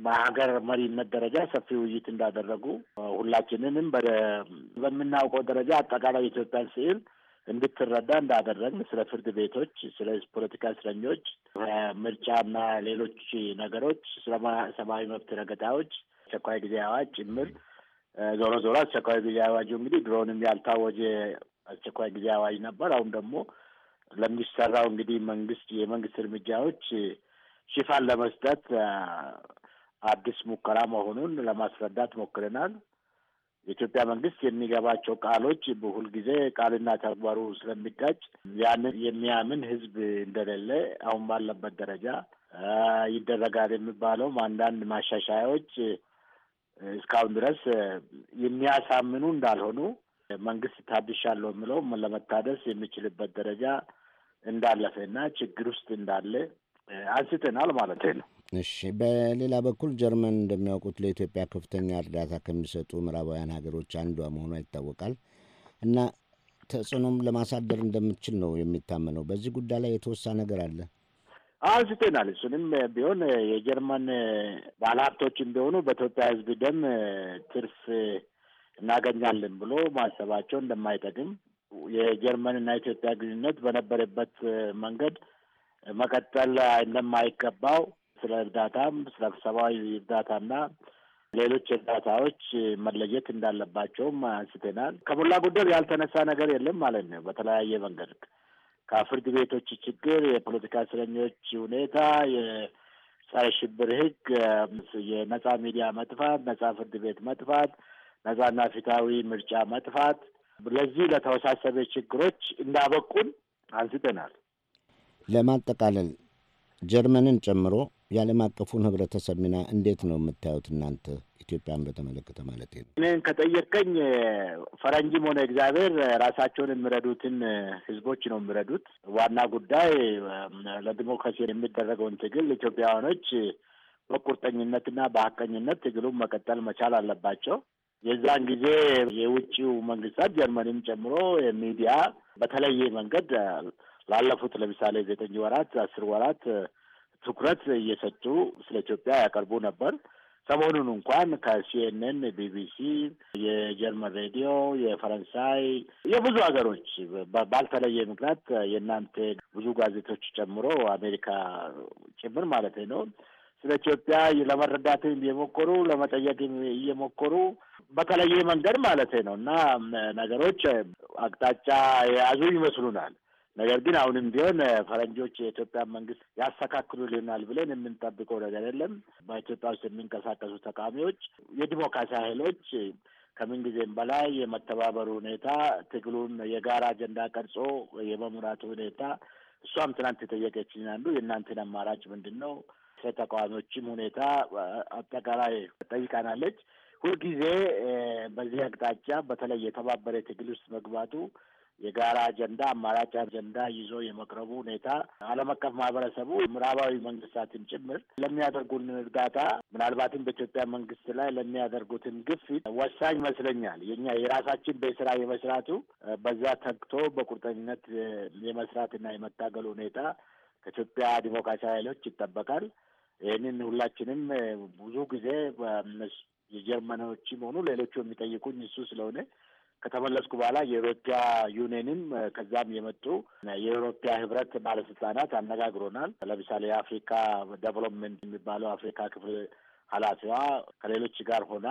በሀገር መሪነት ደረጃ ሰፊ ውይይት እንዳደረጉ ሁላችንንም በምናውቀው ደረጃ አጠቃላይ ኢትዮጵያን ስዕል እንድትረዳ እንዳደረግን ስለ ፍርድ ቤቶች፣ ስለ ፖለቲካ እስረኞች፣ ምርጫና ሌሎች ነገሮች፣ ስለ ሰብአዊ መብት ረገጣዎች፣ አስቸኳይ ጊዜ አዋጅ ጭምር ዞሮ ዞሮ አስቸኳይ ጊዜ አዋጁ እንግዲህ ድሮንም ያልታወጀ አስቸኳይ ጊዜ አዋጅ ነበር። አሁን ደግሞ ለሚሰራው እንግዲህ መንግስት የመንግስት እርምጃዎች ሽፋን ለመስጠት አዲስ ሙከራ መሆኑን ለማስረዳት ሞክረናል። የኢትዮጵያ መንግስት የሚገባቸው ቃሎች በሁልጊዜ ቃልና ተግባሩ ስለሚጋጭ ያንን የሚያምን ህዝብ እንደሌለ አሁን ባለበት ደረጃ ይደረጋል የሚባለውም አንዳንድ ማሻሻያዎች እስካሁን ድረስ የሚያሳምኑ እንዳልሆኑ መንግስት ታድሻለሁ የምለው ለመታደስ የሚችልበት ደረጃ እንዳለፈ እና ችግር ውስጥ እንዳለ አንስተናል ማለት ነው። እሺ በሌላ በኩል ጀርመን እንደሚያውቁት ለኢትዮጵያ ከፍተኛ እርዳታ ከሚሰጡ ምዕራባውያን ሀገሮች አንዷ መሆኗ ይታወቃል እና ተጽዕኖም ለማሳደር እንደምትችል ነው የሚታመነው። በዚህ ጉዳይ ላይ የተወሳ ነገር አለ አንስተናል። እሱንም ቢሆን የጀርመን ባለሀብቶች ቢሆኑ በኢትዮጵያ ሕዝብ ደም ትርፍ እናገኛለን ብሎ ማሰባቸው እንደማይጠቅም የጀርመንና ኢትዮጵያ ግንኙነት በነበረበት መንገድ መቀጠል እንደማይገባው ስለ እርዳታም ስለ ሰብአዊ እርዳታና ሌሎች እርዳታዎች መለየት እንዳለባቸውም አንስተናል። ከሞላ ጎደል ያልተነሳ ነገር የለም ማለት ነው። በተለያየ መንገድ ከፍርድ ቤቶች ችግር፣ የፖለቲካ እስረኞች ሁኔታ፣ የጸረ ሽብር ህግ የነጻ ሚዲያ መጥፋት፣ ነጻ ፍርድ ቤት መጥፋት፣ ነጻና ፊታዊ ምርጫ መጥፋት ለዚህ ለተወሳሰበ ችግሮች እንዳበቁን አንስተናል። ለማጠቃለል ጀርመንን ጨምሮ የዓለም አቀፉን ህብረተሰብ ሚና እንዴት ነው የምታዩት እናንተ ኢትዮጵያን በተመለከተ ማለት ነው? እኔን ከጠየቀኝ ሆነ እግዚአብሔር ራሳቸውን የሚረዱትን ህዝቦች ነው የሚረዱት። ዋና ጉዳይ ለዲሞክራሲ የሚደረገውን ትግል ኢትዮጵያውያኖች በቁርጠኝነትና በሀቀኝነት ትግሉን መቀጠል መቻል አለባቸው። የዛን ጊዜ የውጭው መንግስታት ጀርመንም ጨምሮ የሚዲያ በተለየ መንገድ ላለፉት ለምሳሌ ዘጠኝ ወራት አስር ወራት ትኩረት እየሰጡ ስለ ኢትዮጵያ ያቀርቡ ነበር። ሰሞኑን እንኳን ከሲኤንኤን፣ ቢቢሲ፣ የጀርመን ሬዲዮ፣ የፈረንሳይ የብዙ ሀገሮች ባልተለየ ምክንያት የእናንተ ብዙ ጋዜጦች ጨምሮ አሜሪካ ጭምር ማለት ነው ስለ ኢትዮጵያ ለመረዳት እየሞከሩ ለመጠየቅ እየሞከሩ በተለየ መንገድ ማለት ነው እና ነገሮች አቅጣጫ የያዙ ይመስሉናል። ነገር ግን አሁንም ቢሆን ፈረንጆች የኢትዮጵያ መንግስት ያስተካክሉልናል ብለን የምንጠብቀው ነገር የለም። በኢትዮጵያ ውስጥ የሚንቀሳቀሱ ተቃዋሚዎች፣ የዲሞክራሲ ኃይሎች ከምን ጊዜም በላይ የመተባበሩ ሁኔታ ትግሉን የጋራ አጀንዳ ቀርጾ የመምራቱ ሁኔታ እሷም ትናንት የጠየቀችኝ አንዱ የእናንተን አማራጭ ምንድን ነው? ተቃዋሚዎችም ሁኔታ አጠቃላይ ጠይቃናለች። ሁልጊዜ በዚህ አቅጣጫ በተለይ የተባበረ ትግል ውስጥ መግባቱ የጋራ አጀንዳ አማራጭ አጀንዳ ይዞ የመቅረቡ ሁኔታ ዓለም አቀፍ ማህበረሰቡ ምዕራባዊ መንግስታትን ጭምር ለሚያደርጉን እርዳታ ምናልባትም በኢትዮጵያ መንግስት ላይ ለሚያደርጉትን ግፊት ወሳኝ ይመስለኛል። የኛ የራሳችን በስራ የመስራቱ በዛ ተግቶ በቁርጠኝነት የመስራትና የመታገል ሁኔታ ከኢትዮጵያ ዲሞክራሲያዊ ኃይሎች ይጠበቃል። ይህንን ሁላችንም ብዙ ጊዜ የጀርመኖችም ሆኑ ሌሎቹ የሚጠይቁኝ እሱ ስለሆነ ከተመለስኩ በኋላ የኢሮፒያ ዩኒየንም ከዛም የመጡ የኢሮፒያ ህብረት ባለስልጣናት አነጋግሮናል። ለምሳሌ የአፍሪካ ዴቨሎፕመንት የሚባለው አፍሪካ ክፍል ኃላፊዋ ከሌሎች ጋር ሆና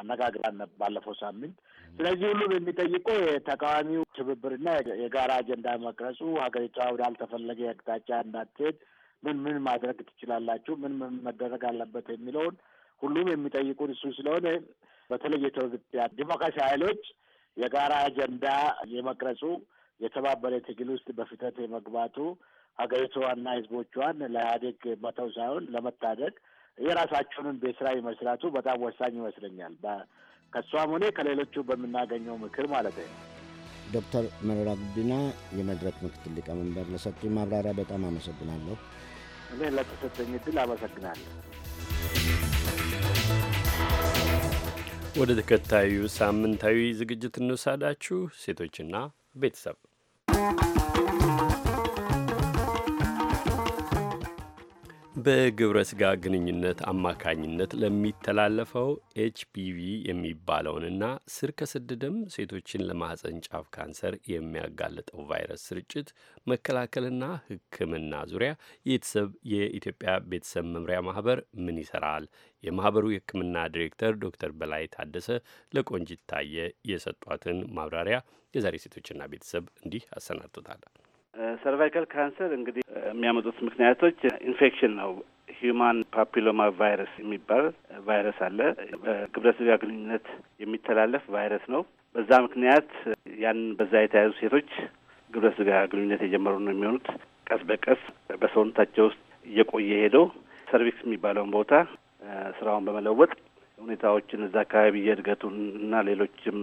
አነጋግራን ባለፈው ሳምንት። ስለዚህ ሁሉም የሚጠይቀው የተቃዋሚው ትብብርና የጋራ አጀንዳ መቅረጹ ሀገሪቷ ወዳልተፈለገ አቅጣጫ እንዳትሄድ ምን ምን ማድረግ ትችላላችሁ፣ ምን ምን መደረግ አለበት የሚለውን ሁሉም የሚጠይቁን እሱ ስለሆነ በተለይ የኢትዮጵያ ዲሞክራሲ ኃይሎች የጋራ አጀንዳ የመቅረጹ የተባበረ ትግል ውስጥ በፍተት የመግባቱ ሀገሪቷና ህዝቦቿን ለኢህአዴግ መተው ሳይሆን ለመታደግ የራሳችሁንን ቤት ስራ የመስራቱ በጣም ወሳኝ ይመስለኛል። ከእሷም ሆነ ከሌሎቹ በምናገኘው ምክር ማለት ነው። ዶክተር መረራ ጉዲና የመድረክ ምክትል ሊቀመንበር ለሰጡኝ ማብራሪያ በጣም አመሰግናለሁ። እኔ ለተሰጠኝ ዕድል አመሰግናለሁ። ወደ ተከታዩ ሳምንታዊ ዝግጅት እንውሳዳችሁ። ሴቶችና ቤተሰብ በግብረ ስጋ ግንኙነት አማካኝነት ለሚተላለፈው ኤችፒቪ የሚባለውንና ስር ከስድድም ሴቶችን ለማህፀን ጫፍ ካንሰር የሚያጋልጠው ቫይረስ ስርጭት መከላከልና ሕክምና ዙሪያ የኢትዮጵያ ቤተሰብ መምሪያ ማህበር ምን ይሰራል የማህበሩ የሕክምና ዲሬክተር ዶክተር በላይ ታደሰ ለቆንጂት ታየ የሰጧትን ማብራሪያ የዛሬ ሴቶችና ቤተሰብ እንዲህ አሰናድቶታል። ሰርቫይካል ካንሰር እንግዲህ የሚያመጡት ምክንያቶች ኢንፌክሽን ነው። ሂዩማን ፓፒሎማ ቫይረስ የሚባል ቫይረስ አለ። በግብረ ስጋ ግንኙነት የሚተላለፍ ቫይረስ ነው። በዛ ምክንያት ያን በዛ የተያዙ ሴቶች ግብረ ሥጋ ግንኙነት የጀመሩ ነው የሚሆኑት። ቀስ በቀስ በሰውነታቸው ውስጥ እየቆየ ሄደው ሰርቪክስ የሚባለውን ቦታ ስራውን በመለወጥ ሁኔታዎችን እዛ አካባቢ የእድገቱን እና ሌሎችም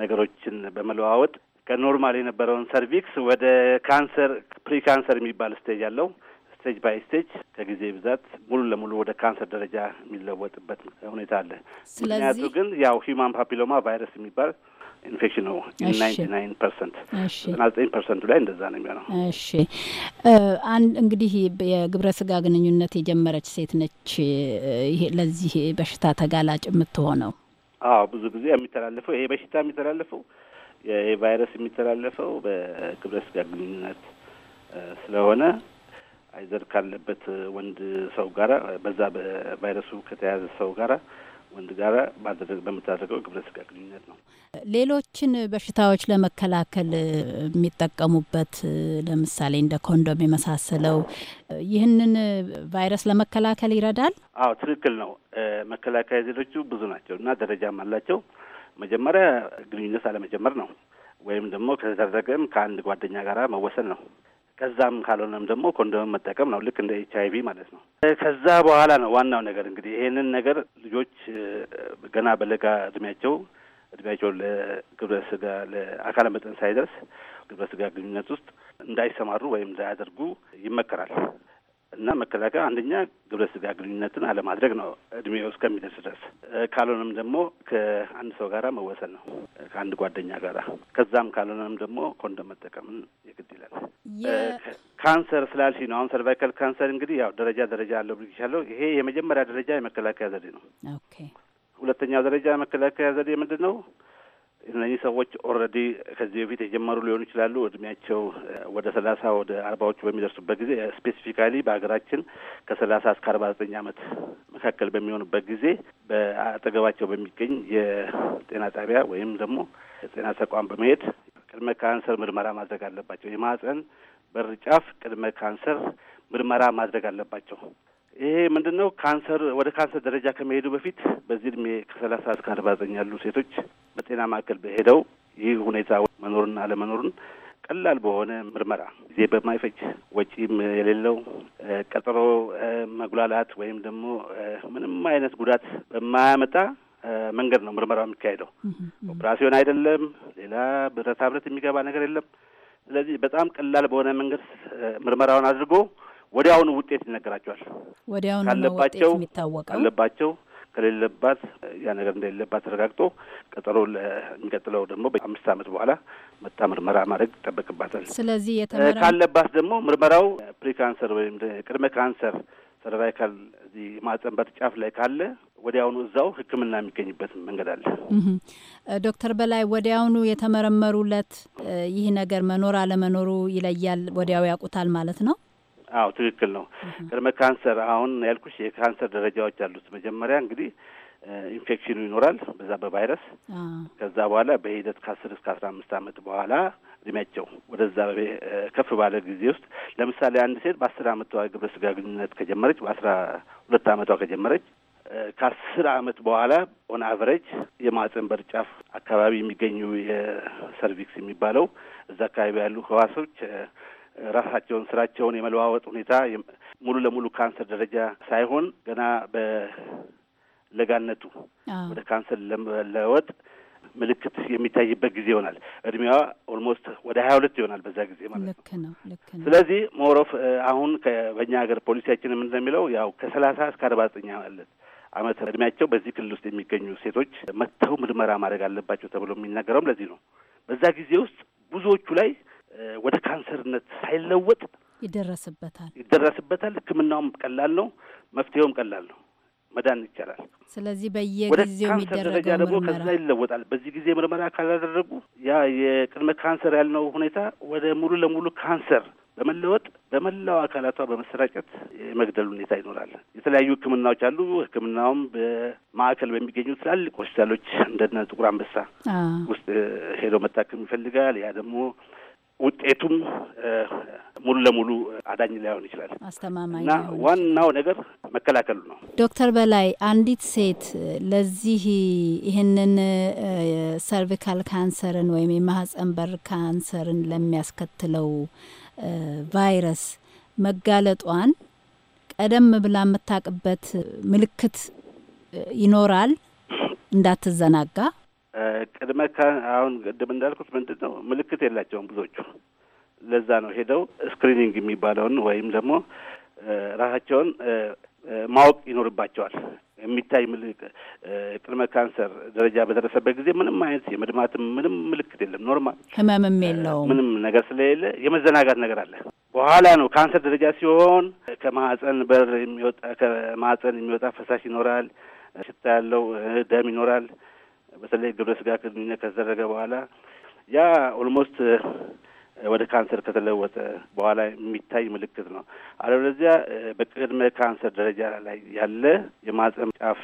ነገሮችን በመለዋወጥ ከኖርማል የነበረውን ሰርቪክስ ወደ ካንሰር ፕሪ ካንሰር የሚባል ስቴጅ አለው። ስቴጅ ባይ ስቴጅ ከጊዜ ብዛት ሙሉ ለሙሉ ወደ ካንሰር ደረጃ የሚለወጥበት ሁኔታ አለ። ምክንያቱ ግን ያው ሂማን ፓፒሎማ ቫይረስ የሚባል ኢንፌክሽን ነው ናይንቲ ናይን ፐርሰንት ዘጠና ዘጠኝ ፐርሰንቱ ላይ እንደዛ ነው የሚሆነው። እሺ አንድ እንግዲህ የግብረ ስጋ ግንኙነት የጀመረች ሴት ነች ይሄ ለዚህ በሽታ ተጋላጭ የምትሆነው። አዎ ብዙ ጊዜ የሚተላለፈው ይሄ በሽታ የሚተላለፈው ይሄ ቫይረስ የሚተላለፈው በግብረ ስጋ ግንኙነት ስለሆነ አይዘር ካለበት ወንድ ሰው ጋራ በዛ በቫይረሱ ከተያዘ ሰው ጋራ ወንድ ጋር በምታደርገው ግብረ ስጋ ግንኙነት ነው። ሌሎችን በሽታዎች ለመከላከል የሚጠቀሙበት ለምሳሌ እንደ ኮንዶም የመሳሰለው ይህንን ቫይረስ ለመከላከል ይረዳል። አዎ ትክክል ነው። መከላከያ ዘዴዎቹ ብዙ ናቸው እና ደረጃም አላቸው። መጀመሪያ ግንኙነት አለመጀመር ነው ወይም ደግሞ ከተደረገም ከአንድ ጓደኛ ጋር መወሰን ነው። ከዛም ካልሆነም ደግሞ ኮንዶምን መጠቀም ነው። ልክ እንደ ኤች አይቪ ማለት ነው። ከዛ በኋላ ነው ዋናው ነገር እንግዲህ ይሄንን ነገር ልጆች ገና በለጋ እድሜያቸው እድሜያቸው ለግብረ ስጋ ለአካለ መጠን ሳይደርስ ግብረ ስጋ ግንኙነት ውስጥ እንዳይሰማሩ ወይም እንዳያደርጉ ይመከራል። እና መከላከያ አንደኛ ግብረ ስጋ ግንኙነትን አለማድረግ ነው እድሜው እስከሚደርስ ድረስ። ካልሆነም ደግሞ ከአንድ ሰው ጋራ መወሰን ነው ከአንድ ጓደኛ ጋራ። ከዛም ካልሆነም ደግሞ ኮንዶም መጠቀምን የግድ ይላል። ካንሰር ስላልሽ ነው አሁን ሰርቫይካል ካንሰር እንግዲህ ያው ደረጃ ደረጃ አለው ይቻለው ይሄ የመጀመሪያ ደረጃ የመከላከያ ዘዴ ነው። ሁለተኛ ደረጃ የመከላከያ ዘዴ ምንድን ነው? እነዚህ ሰዎች ኦልሬዲ ከዚህ በፊት የጀመሩ ሊሆኑ ይችላሉ። እድሜያቸው ወደ ሰላሳ ወደ አርባዎቹ በሚደርሱበት ጊዜ ስፔሲፊካሊ በሀገራችን ከሰላሳ እስከ አርባ ዘጠኝ ዓመት መካከል በሚሆኑበት ጊዜ በአጠገባቸው በሚገኝ የጤና ጣቢያ ወይም ደግሞ የጤና ተቋም በመሄድ ቅድመ ካንሰር ምርመራ ማድረግ አለባቸው። የማህፀን በር ጫፍ ቅድመ ካንሰር ምርመራ ማድረግ አለባቸው። ይሄ ምንድን ነው? ካንሰር ወደ ካንሰር ደረጃ ከመሄዱ በፊት በዚህ እድሜ ከሰላሳ እስከ አርባ ዘጠኝ ያሉ ሴቶች በጤና ማዕከል በሄደው ይህ ሁኔታ መኖርና አለመኖርን ቀላል በሆነ ምርመራ ጊዜ በማይፈጅ ወጪም የሌለው ቀጠሮ መጉላላት ወይም ደግሞ ምንም አይነት ጉዳት በማያመጣ መንገድ ነው ምርመራው የሚካሄደው። ኦፕራሲዮን አይደለም፣ ሌላ ብረታ ብረት የሚገባ ነገር የለም። ስለዚህ በጣም ቀላል በሆነ መንገድ ምርመራውን አድርጎ ወዲያውኑ ውጤት ይነገራቸዋል። ወዲያውኑ ካለባቸው ካለባቸው ከሌለባት ያ ነገር እንደሌለባት ተረጋግጦ ቀጠሮ የሚቀጥለው ደግሞ በአምስት ዓመት በኋላ መታ ምርመራ ማድረግ ይጠበቅባታል። ስለዚህ ካለባት ደግሞ ምርመራው ፕሪ ካንሰር ወይም ቅድመ ካንሰር ሰርቫይካል እዚህ ማህጸን በር ጫፍ ላይ ካለ ወዲያውኑ እዛው ሕክምና የሚገኝበት መንገድ አለ። ዶክተር በላይ ወዲያውኑ የተመረመሩለት ይህ ነገር መኖር አለመኖሩ ይለያል፣ ወዲያው ያውቁታል ማለት ነው። አዎ ትክክል ነው። ቅድመ ካንሰር አሁን ያልኩሽ የካንሰር ደረጃዎች አሉት። መጀመሪያ እንግዲህ ኢንፌክሽኑ ይኖራል በዛ በቫይረስ ከዛ በኋላ በሂደት ከአስር እስከ አስራ አምስት አመት በኋላ እድሜያቸው ወደዛ ከፍ ባለ ጊዜ ውስጥ ለምሳሌ አንድ ሴት በአስር አመቷ ግብረ ስጋ ግንኙነት ከጀመረች በአስራ ሁለት አመቷ ከጀመረች ከአስር አመት በኋላ ኦን አቨሬጅ የማህፀን በር ጫፍ አካባቢ የሚገኙ የሰርቪክስ የሚባለው እዛ አካባቢ ያሉ ህዋሶች ራሳቸውን ስራቸውን የመለዋወጥ ሁኔታ ሙሉ ለሙሉ ካንሰር ደረጃ ሳይሆን ገና በለጋነቱ ወደ ካንሰር ለመለወጥ ምልክት የሚታይበት ጊዜ ይሆናል። እድሜዋ ኦልሞስት ወደ ሀያ ሁለት ይሆናል በዛ ጊዜ ማለት ነው። ልክ ነው፣ ልክ ነው። ስለዚህ ሞሮፍ አሁን በእኛ ሀገር ፖሊሲያችን እንደሚለው ያው ከሰላሳ እስከ አርባ ዘጠኝ ማለት አመት እድሜያቸው በዚህ ክልል ውስጥ የሚገኙ ሴቶች መጥተው ምርመራ ማድረግ አለባቸው ተብሎ የሚናገረውም ለዚህ ነው። በዛ ጊዜ ውስጥ ብዙዎቹ ላይ ወደ ካንሰርነት ሳይለወጥ ይደረስበታል ይደረስበታል። ሕክምናውም ቀላል ነው፣ መፍትሄውም ቀላል ነው፣ መዳን ይቻላል። ስለዚህ በየጊዜው የሚደረገው ደረጃ ደግሞ ከዛ ይለወጣል። በዚህ ጊዜ ምርመራ ካላደረጉ ያ የቅድመ ካንሰር ያልነው ሁኔታ ወደ ሙሉ ለሙሉ ካንሰር በመለወጥ በመላው አካላቷ በመሰራጨት የመግደል ሁኔታ ይኖራል። የተለያዩ ህክምናዎች አሉ። ህክምናውም በማዕከል በሚገኙ ትላልቅ ሆስፒታሎች እንደነ ጥቁር አንበሳ ውስጥ ሄዶ መታከም ይፈልጋል። ያ ደግሞ ውጤቱም ሙሉ ለሙሉ አዳኝ ላይሆን ይችላል። አስተማማኝ እና ዋናው ነገር መከላከሉ ነው። ዶክተር በላይ አንዲት ሴት ለዚህ ይህንን ሰርቪካል ካንሰርን ወይም የማህጸን በር ካንሰርን ለሚያስከትለው ቫይረስ መጋለጧን ቀደም ብላ የምታውቅበት ምልክት ይኖራል እንዳትዘናጋ ቅድመ አሁን ቅድም እንዳልኩት ምንድን ነው ምልክት የላቸውም ብዙዎቹ። ለዛ ነው ሄደው ስክሪኒንግ የሚባለውን ወይም ደግሞ ራሳቸውን ማወቅ ይኖርባቸዋል። የሚታይ ቅድመ ካንሰር ደረጃ በደረሰበት ጊዜ ምንም አይነት የመድማትም ምንም ምልክት የለም። ኖርማል ህመምም የለውም። ምንም ነገር ስለሌለ የመዘናጋት ነገር አለ። በኋላ ነው ካንሰር ደረጃ ሲሆን ከማህፀን በር የሚወጣ ከማህፀን የሚወጣ ፈሳሽ ይኖራል፣ ሽታ ያለው ደም ይኖራል። በተለይ ግብረ ስጋ ግንኙነት ከተደረገ በኋላ ያ ኦልሞስት ወደ ካንሰር ከተለወጠ በኋላ የሚታይ ምልክት ነው። አለበለዚያ በቅድመ ካንሰር ደረጃ ላይ ያለ የማህጸን ጫፍ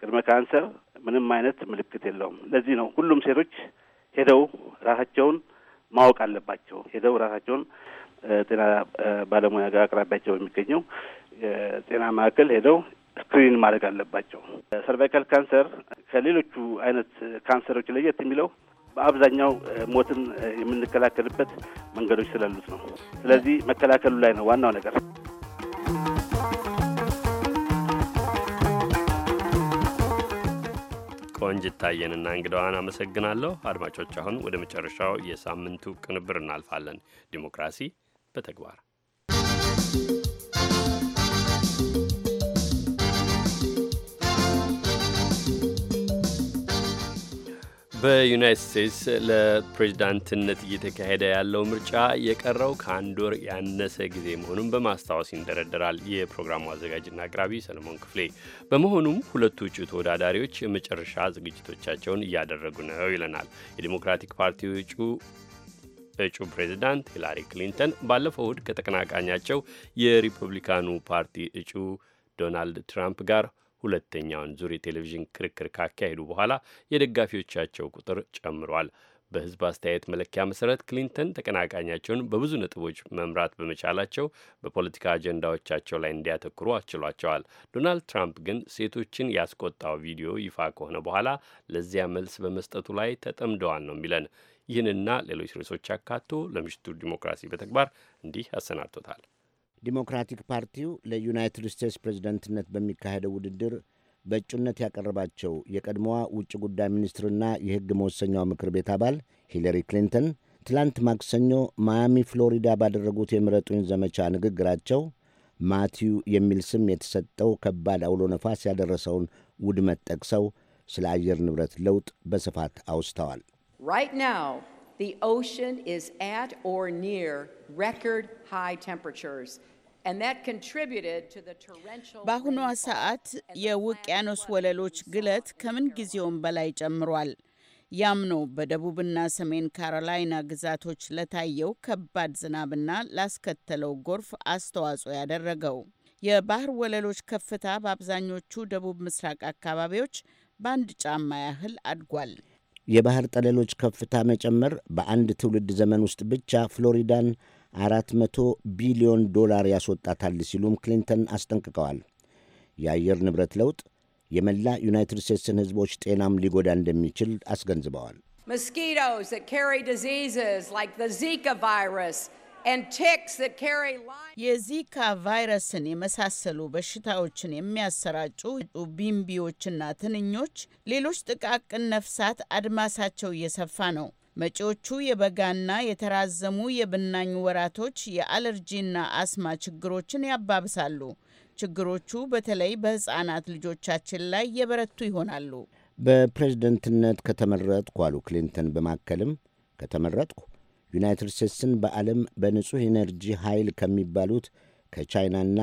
ቅድመ ካንሰር ምንም አይነት ምልክት የለውም። ለዚህ ነው ሁሉም ሴቶች ሄደው ራሳቸውን ማወቅ አለባቸው። ሄደው ራሳቸውን ጤና ባለሙያ ጋር አቅራቢያቸው የሚገኘው የጤና ማዕከል ሄደው ስክሪን ማድረግ አለባቸው። ሰርቫይካል ካንሰር ከሌሎቹ አይነት ካንሰሮች ለየት የሚለው በአብዛኛው ሞትን የምንከላከልበት መንገዶች ስላሉት ነው። ስለዚህ መከላከሉ ላይ ነው ዋናው ነገር። ቆንጅ ታየንና እንግዳዋን አመሰግናለሁ። አድማጮች አሁን ወደ መጨረሻው የሳምንቱ ቅንብር እናልፋለን። ዲሞክራሲ በተግባር በዩናይትድ ስቴትስ ለፕሬዚዳንትነት እየተካሄደ ያለው ምርጫ የቀረው ከአንድ ወር ያነሰ ጊዜ መሆኑን በማስታወስ ይንደረደራል የፕሮግራሙ አዘጋጅና አቅራቢ ሰለሞን ክፍሌ። በመሆኑም ሁለቱ እጩ ተወዳዳሪዎች የመጨረሻ ዝግጅቶቻቸውን እያደረጉ ነው ይለናል። የዲሞክራቲክ ፓርቲ እጩ እጩ ፕሬዚዳንት ሂላሪ ክሊንተን ባለፈው እሁድ ከተቀናቃኛቸው የሪፐብሊካኑ ፓርቲ እጩ ዶናልድ ትራምፕ ጋር ሁለተኛውን ዙር የቴሌቪዥን ክርክር ካካሄዱ በኋላ የደጋፊዎቻቸው ቁጥር ጨምሯል። በህዝብ አስተያየት መለኪያ መሰረት ክሊንተን ተቀናቃኛቸውን በብዙ ነጥቦች መምራት በመቻላቸው በፖለቲካ አጀንዳዎቻቸው ላይ እንዲያተኩሩ አስችሏቸዋል። ዶናልድ ትራምፕ ግን ሴቶችን ያስቆጣው ቪዲዮ ይፋ ከሆነ በኋላ ለዚያ መልስ በመስጠቱ ላይ ተጠምደዋል ነው የሚለን። ይህንና ሌሎች ርዕሶች አካቶ ለምሽቱ ዲሞክራሲ በተግባር እንዲህ አሰናድቶታል። ዲሞክራቲክ ፓርቲው ለዩናይትድ ስቴትስ ፕሬዝደንትነት በሚካሄደው ውድድር በእጩነት ያቀረባቸው የቀድሞዋ ውጭ ጉዳይ ሚኒስትርና የሕግ መወሰኛው ምክር ቤት አባል ሂለሪ ክሊንተን ትላንት ማክሰኞ ማያሚ ፍሎሪዳ ባደረጉት የምረጡኝ ዘመቻ ንግግራቸው ማቲዩ የሚል ስም የተሰጠው ከባድ አውሎ ነፋስ ያደረሰውን ውድመት ጠቅሰው ስለ አየር ንብረት ለውጥ በስፋት አውስተዋል። ቴምፐሬቸርስ በአሁኗ ሰዓት የውቅያኖስ ወለሎች ግለት ከምን ጊዜውም በላይ ጨምሯል። ያም ነው በደቡብና ሰሜን ካሮላይና ግዛቶች ለታየው ከባድ ዝናብና ላስከተለው ጎርፍ አስተዋጽኦ ያደረገው። የባህር ወለሎች ከፍታ በአብዛኞቹ ደቡብ ምስራቅ አካባቢዎች በአንድ ጫማ ያህል አድጓል። የባህር ጠለሎች ከፍታ መጨመር በአንድ ትውልድ ዘመን ውስጥ ብቻ ፍሎሪዳን 400 ቢሊዮን ዶላር ያስወጣታል ሲሉም ክሊንተን አስጠንቅቀዋል። የአየር ንብረት ለውጥ የመላ ዩናይትድ ስቴትስን ሕዝቦች ጤናም ሊጎዳ እንደሚችል አስገንዝበዋል። የዚካ ቫይረስን የመሳሰሉ በሽታዎችን የሚያሰራጩ ቢምቢዎችና ትንኞች፣ ሌሎች ጥቃቅን ነፍሳት አድማሳቸው እየሰፋ ነው። መጪዎቹ የበጋና የተራዘሙ የብናኝ ወራቶች የአለርጂና አስማ ችግሮችን ያባብሳሉ። ችግሮቹ በተለይ በሕፃናት ልጆቻችን ላይ የበረቱ ይሆናሉ። በፕሬዝደንትነት ከተመረጥኩ አሉ ክሊንተን በማከልም ከተመረጥኩ ዩናይትድ ስቴትስን በዓለም በንጹሕ ኢነርጂ ኃይል ከሚባሉት ከቻይናና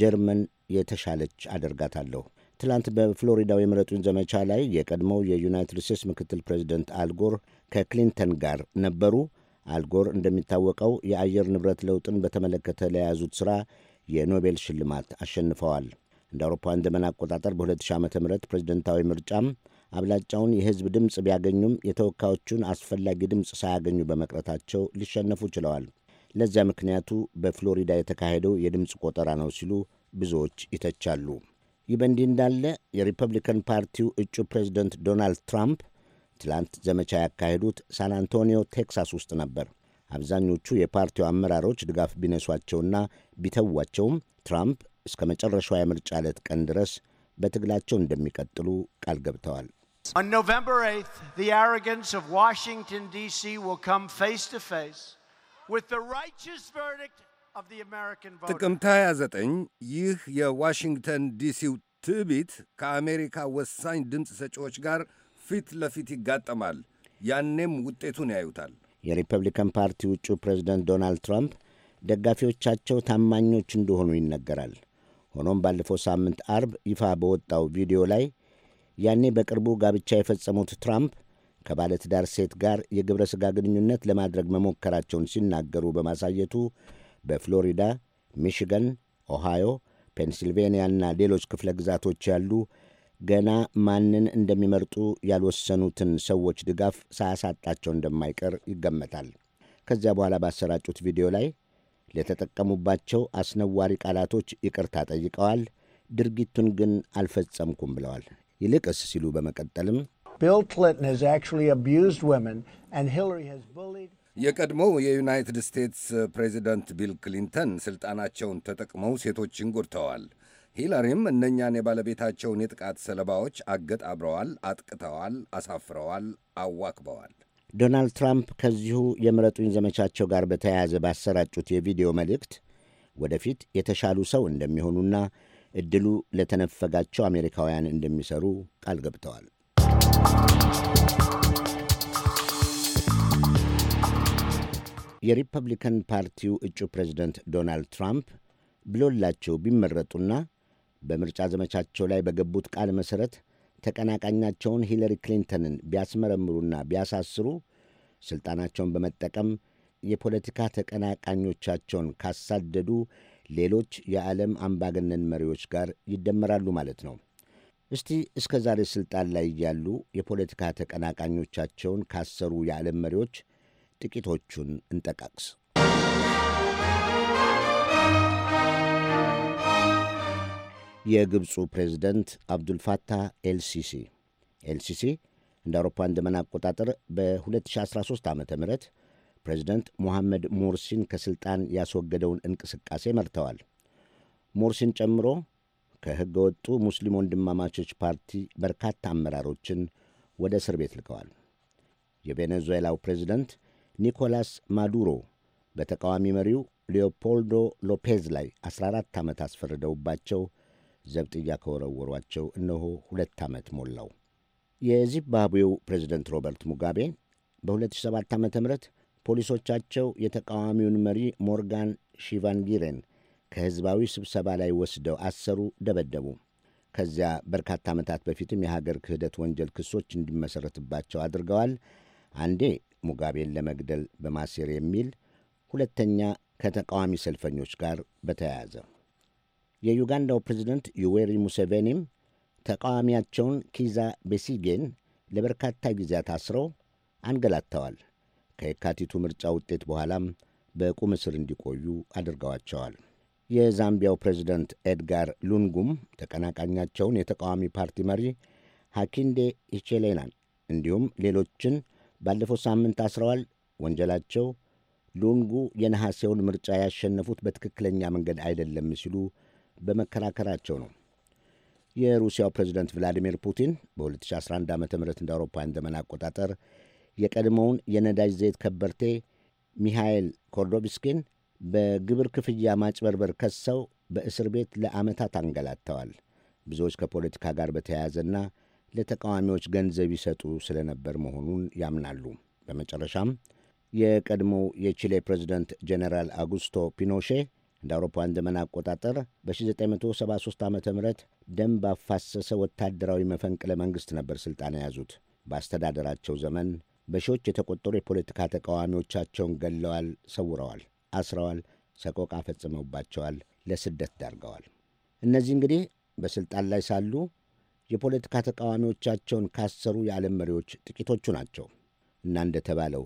ጀርመን የተሻለች አደርጋታለሁ። ትላንት በፍሎሪዳው የምረጡኝ ዘመቻ ላይ የቀድሞው የዩናይትድ ስቴትስ ምክትል ፕሬዚደንት አልጎር ከክሊንተን ጋር ነበሩ። አልጎር እንደሚታወቀው የአየር ንብረት ለውጥን በተመለከተ ለያዙት ሥራ የኖቤል ሽልማት አሸንፈዋል። እንደ አውሮፓውያን ዘመን አቆጣጠር በ2000 ዓ ም ፕሬዝደንታዊ ምርጫም አብላጫውን የሕዝብ ድምፅ ቢያገኙም የተወካዮቹን አስፈላጊ ድምፅ ሳያገኙ በመቅረታቸው ሊሸነፉ ችለዋል። ለዚያ ምክንያቱ በፍሎሪዳ የተካሄደው የድምፅ ቆጠራ ነው ሲሉ ብዙዎች ይተቻሉ። ይህ በእንዲህ እንዳለ የሪፐብሊካን ፓርቲው እጩ ፕሬዝደንት ዶናልድ ትራምፕ ትላንት ዘመቻ ያካሄዱት ሳን አንቶኒዮ ቴክሳስ ውስጥ ነበር። አብዛኞቹ የፓርቲው አመራሮች ድጋፍ ቢነሷቸውና ቢተዋቸውም ትራምፕ እስከ መጨረሻው የምርጫ ዕለት ቀን ድረስ በትግላቸው እንደሚቀጥሉ ቃል ገብተዋል። ጥቅምት 29 ይህ የዋሽንግተን ዲሲው ትዕቢት ከአሜሪካ ወሳኝ ድምፅ ሰጪዎች ጋር ፊት ለፊት ይጋጠማል። ያኔም ውጤቱን ያዩታል። የሪፐብሊካን ፓርቲ ውጩ ፕሬዚደንት ዶናልድ ትራምፕ ደጋፊዎቻቸው ታማኞች እንደሆኑ ይነገራል። ሆኖም ባለፈው ሳምንት አርብ ይፋ በወጣው ቪዲዮ ላይ ያኔ በቅርቡ ጋብቻ የፈጸሙት ትራምፕ ከባለትዳር ሴት ጋር የግብረ ሥጋ ግንኙነት ለማድረግ መሞከራቸውን ሲናገሩ በማሳየቱ በፍሎሪዳ፣ ሚሽገን፣ ኦሃዮ፣ ፔንሲልቬንያና ሌሎች ክፍለ ግዛቶች ያሉ ገና ማንን እንደሚመርጡ ያልወሰኑትን ሰዎች ድጋፍ ሳያሳጣቸው እንደማይቀር ይገመታል። ከዚያ በኋላ ባሰራጩት ቪዲዮ ላይ ለተጠቀሙባቸው አስነዋሪ ቃላቶች ይቅርታ ጠይቀዋል። ድርጊቱን ግን አልፈጸምኩም ብለዋል። ይልቅስ ሲሉ በመቀጠልም የቀድሞው የዩናይትድ ስቴትስ ፕሬዚደንት ቢል ክሊንተን ስልጣናቸውን ተጠቅመው ሴቶችን ጎድተዋል። ሂለሪም እነኛን የባለቤታቸውን የጥቃት ሰለባዎች አገጣብረዋል፣ አጥቅተዋል፣ አሳፍረዋል፣ አዋክበዋል። ዶናልድ ትራምፕ ከዚሁ የምረጡኝ ዘመቻቸው ጋር በተያያዘ ባሰራጩት የቪዲዮ መልእክት ወደፊት የተሻሉ ሰው እንደሚሆኑና እድሉ ለተነፈጋቸው አሜሪካውያን እንደሚሰሩ ቃል ገብተዋል። የሪፐብሊካን ፓርቲው እጩ ፕሬዚደንት ዶናልድ ትራምፕ ብሎላቸው ቢመረጡና በምርጫ ዘመቻቸው ላይ በገቡት ቃል መሠረት ተቀናቃኛቸውን ሂለሪ ክሊንተንን ቢያስመረምሩና ቢያሳስሩ ሥልጣናቸውን በመጠቀም የፖለቲካ ተቀናቃኞቻቸውን ካሳደዱ ሌሎች የዓለም አምባገነን መሪዎች ጋር ይደመራሉ ማለት ነው። እስቲ እስከ ዛሬ ሥልጣን ላይ ያሉ የፖለቲካ ተቀናቃኞቻቸውን ካሰሩ የዓለም መሪዎች ጥቂቶቹን እንጠቃቅስ። የግብፁ ፕሬዚደንት አብዱልፋታህ ኤልሲሲ ኤልሲሲ እንደ አውሮፓውያን ዘመን አቆጣጠር በ2013 ዓ ም ፕሬዚደንት ሞሐመድ ሞርሲን ከሥልጣን ያስወገደውን እንቅስቃሴ መርተዋል። ሞርሲን ጨምሮ ከሕገ ወጡ ሙስሊም ወንድማማቾች ፓርቲ በርካታ አመራሮችን ወደ እስር ቤት ልከዋል። የቬኔዙዌላው ፕሬዚደንት ኒኮላስ ማዱሮ በተቃዋሚ መሪው ሊዮፖልዶ ሎፔዝ ላይ 14 ዓመት አስፈርደውባቸው ዘብጥያ ከወረወሯቸው እነሆ ሁለት ዓመት ሞላው። የዚምባብዌው ፕሬዚደንት ሮበርት ሙጋቤ በ2007 ዓ ም ፖሊሶቻቸው የተቃዋሚውን መሪ ሞርጋን ሺቫንጊሬን ከሕዝባዊ ስብሰባ ላይ ወስደው አሰሩ፣ ደበደቡ። ከዚያ በርካታ ዓመታት በፊትም የሀገር ክህደት ወንጀል ክሶች እንዲመሠረትባቸው አድርገዋል። አንዴ ሙጋቤን ለመግደል በማሴር የሚል ሁለተኛ ከተቃዋሚ ሰልፈኞች ጋር በተያያዘ የዩጋንዳው ፕሬዝደንት ዩዌሪ ሙሴቬኒም ተቃዋሚያቸውን ኪዛ ቤሲጌን ለበርካታ ጊዜያት አስረው አንገላተዋል። ከየካቲቱ ምርጫ ውጤት በኋላም በቁም እስር እንዲቆዩ አድርገዋቸዋል። የዛምቢያው ፕሬዚደንት ኤድጋር ሉንጉም ተቀናቃኛቸውን የተቃዋሚ ፓርቲ መሪ ሐኪንዴ ሂቼሌናን እንዲሁም ሌሎችን ባለፈው ሳምንት አስረዋል። ወንጀላቸው ሉንጉ የነሐሴውን ምርጫ ያሸነፉት በትክክለኛ መንገድ አይደለም ሲሉ በመከራከራቸው ነው። የሩሲያው ፕሬዚደንት ቭላዲሚር ፑቲን በ2011 ዓ ም እንደ አውሮፓውያን ዘመን አቆጣጠር የቀድሞውን የነዳጅ ዘይት ከበርቴ ሚሃኤል ኮርዶብስኪን በግብር ክፍያ ማጭበርበር ከሰው በእስር ቤት ለዓመታት አንገላተዋል። ብዙዎች ከፖለቲካ ጋር በተያያዘና ለተቃዋሚዎች ገንዘብ ይሰጡ ስለነበር መሆኑን ያምናሉ። በመጨረሻም የቀድሞው የቺሌ ፕሬዚደንት ጄኔራል አጉስቶ ፒኖሼ እንደ አውሮፓውያን ዘመን አቆጣጠር በ1973 ዓ ም ደም ባፋሰሰ ወታደራዊ መፈንቅለ መንግሥት ነበር ሥልጣን የያዙት። በአስተዳደራቸው ዘመን በሺዎች የተቆጠሩ የፖለቲካ ተቃዋሚዎቻቸውን ገለዋል፣ ሰውረዋል፣ አስረዋል፣ ሰቆቃ ፈጽመውባቸዋል፣ ለስደት ዳርገዋል። እነዚህ እንግዲህ በሥልጣን ላይ ሳሉ የፖለቲካ ተቃዋሚዎቻቸውን ካሰሩ የዓለም መሪዎች ጥቂቶቹ ናቸው እና እንደተባለው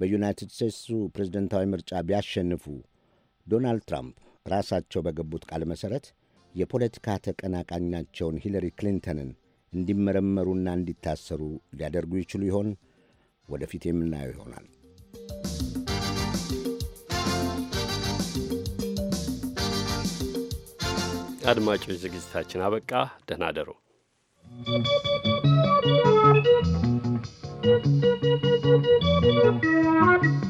በዩናይትድ ስቴትሱ ፕሬዝደንታዊ ምርጫ ቢያሸንፉ ዶናልድ ትራምፕ ራሳቸው በገቡት ቃል መሠረት የፖለቲካ ተቀናቃኛቸውን ሂለሪ ክሊንተንን እንዲመረመሩና እንዲታሰሩ ሊያደርጉ ይችሉ ይሆን? ወደፊት የምናየው ይሆናል። አድማጮች ዝግጅታችን አበቃ። ደህና ደሩ። Thank you.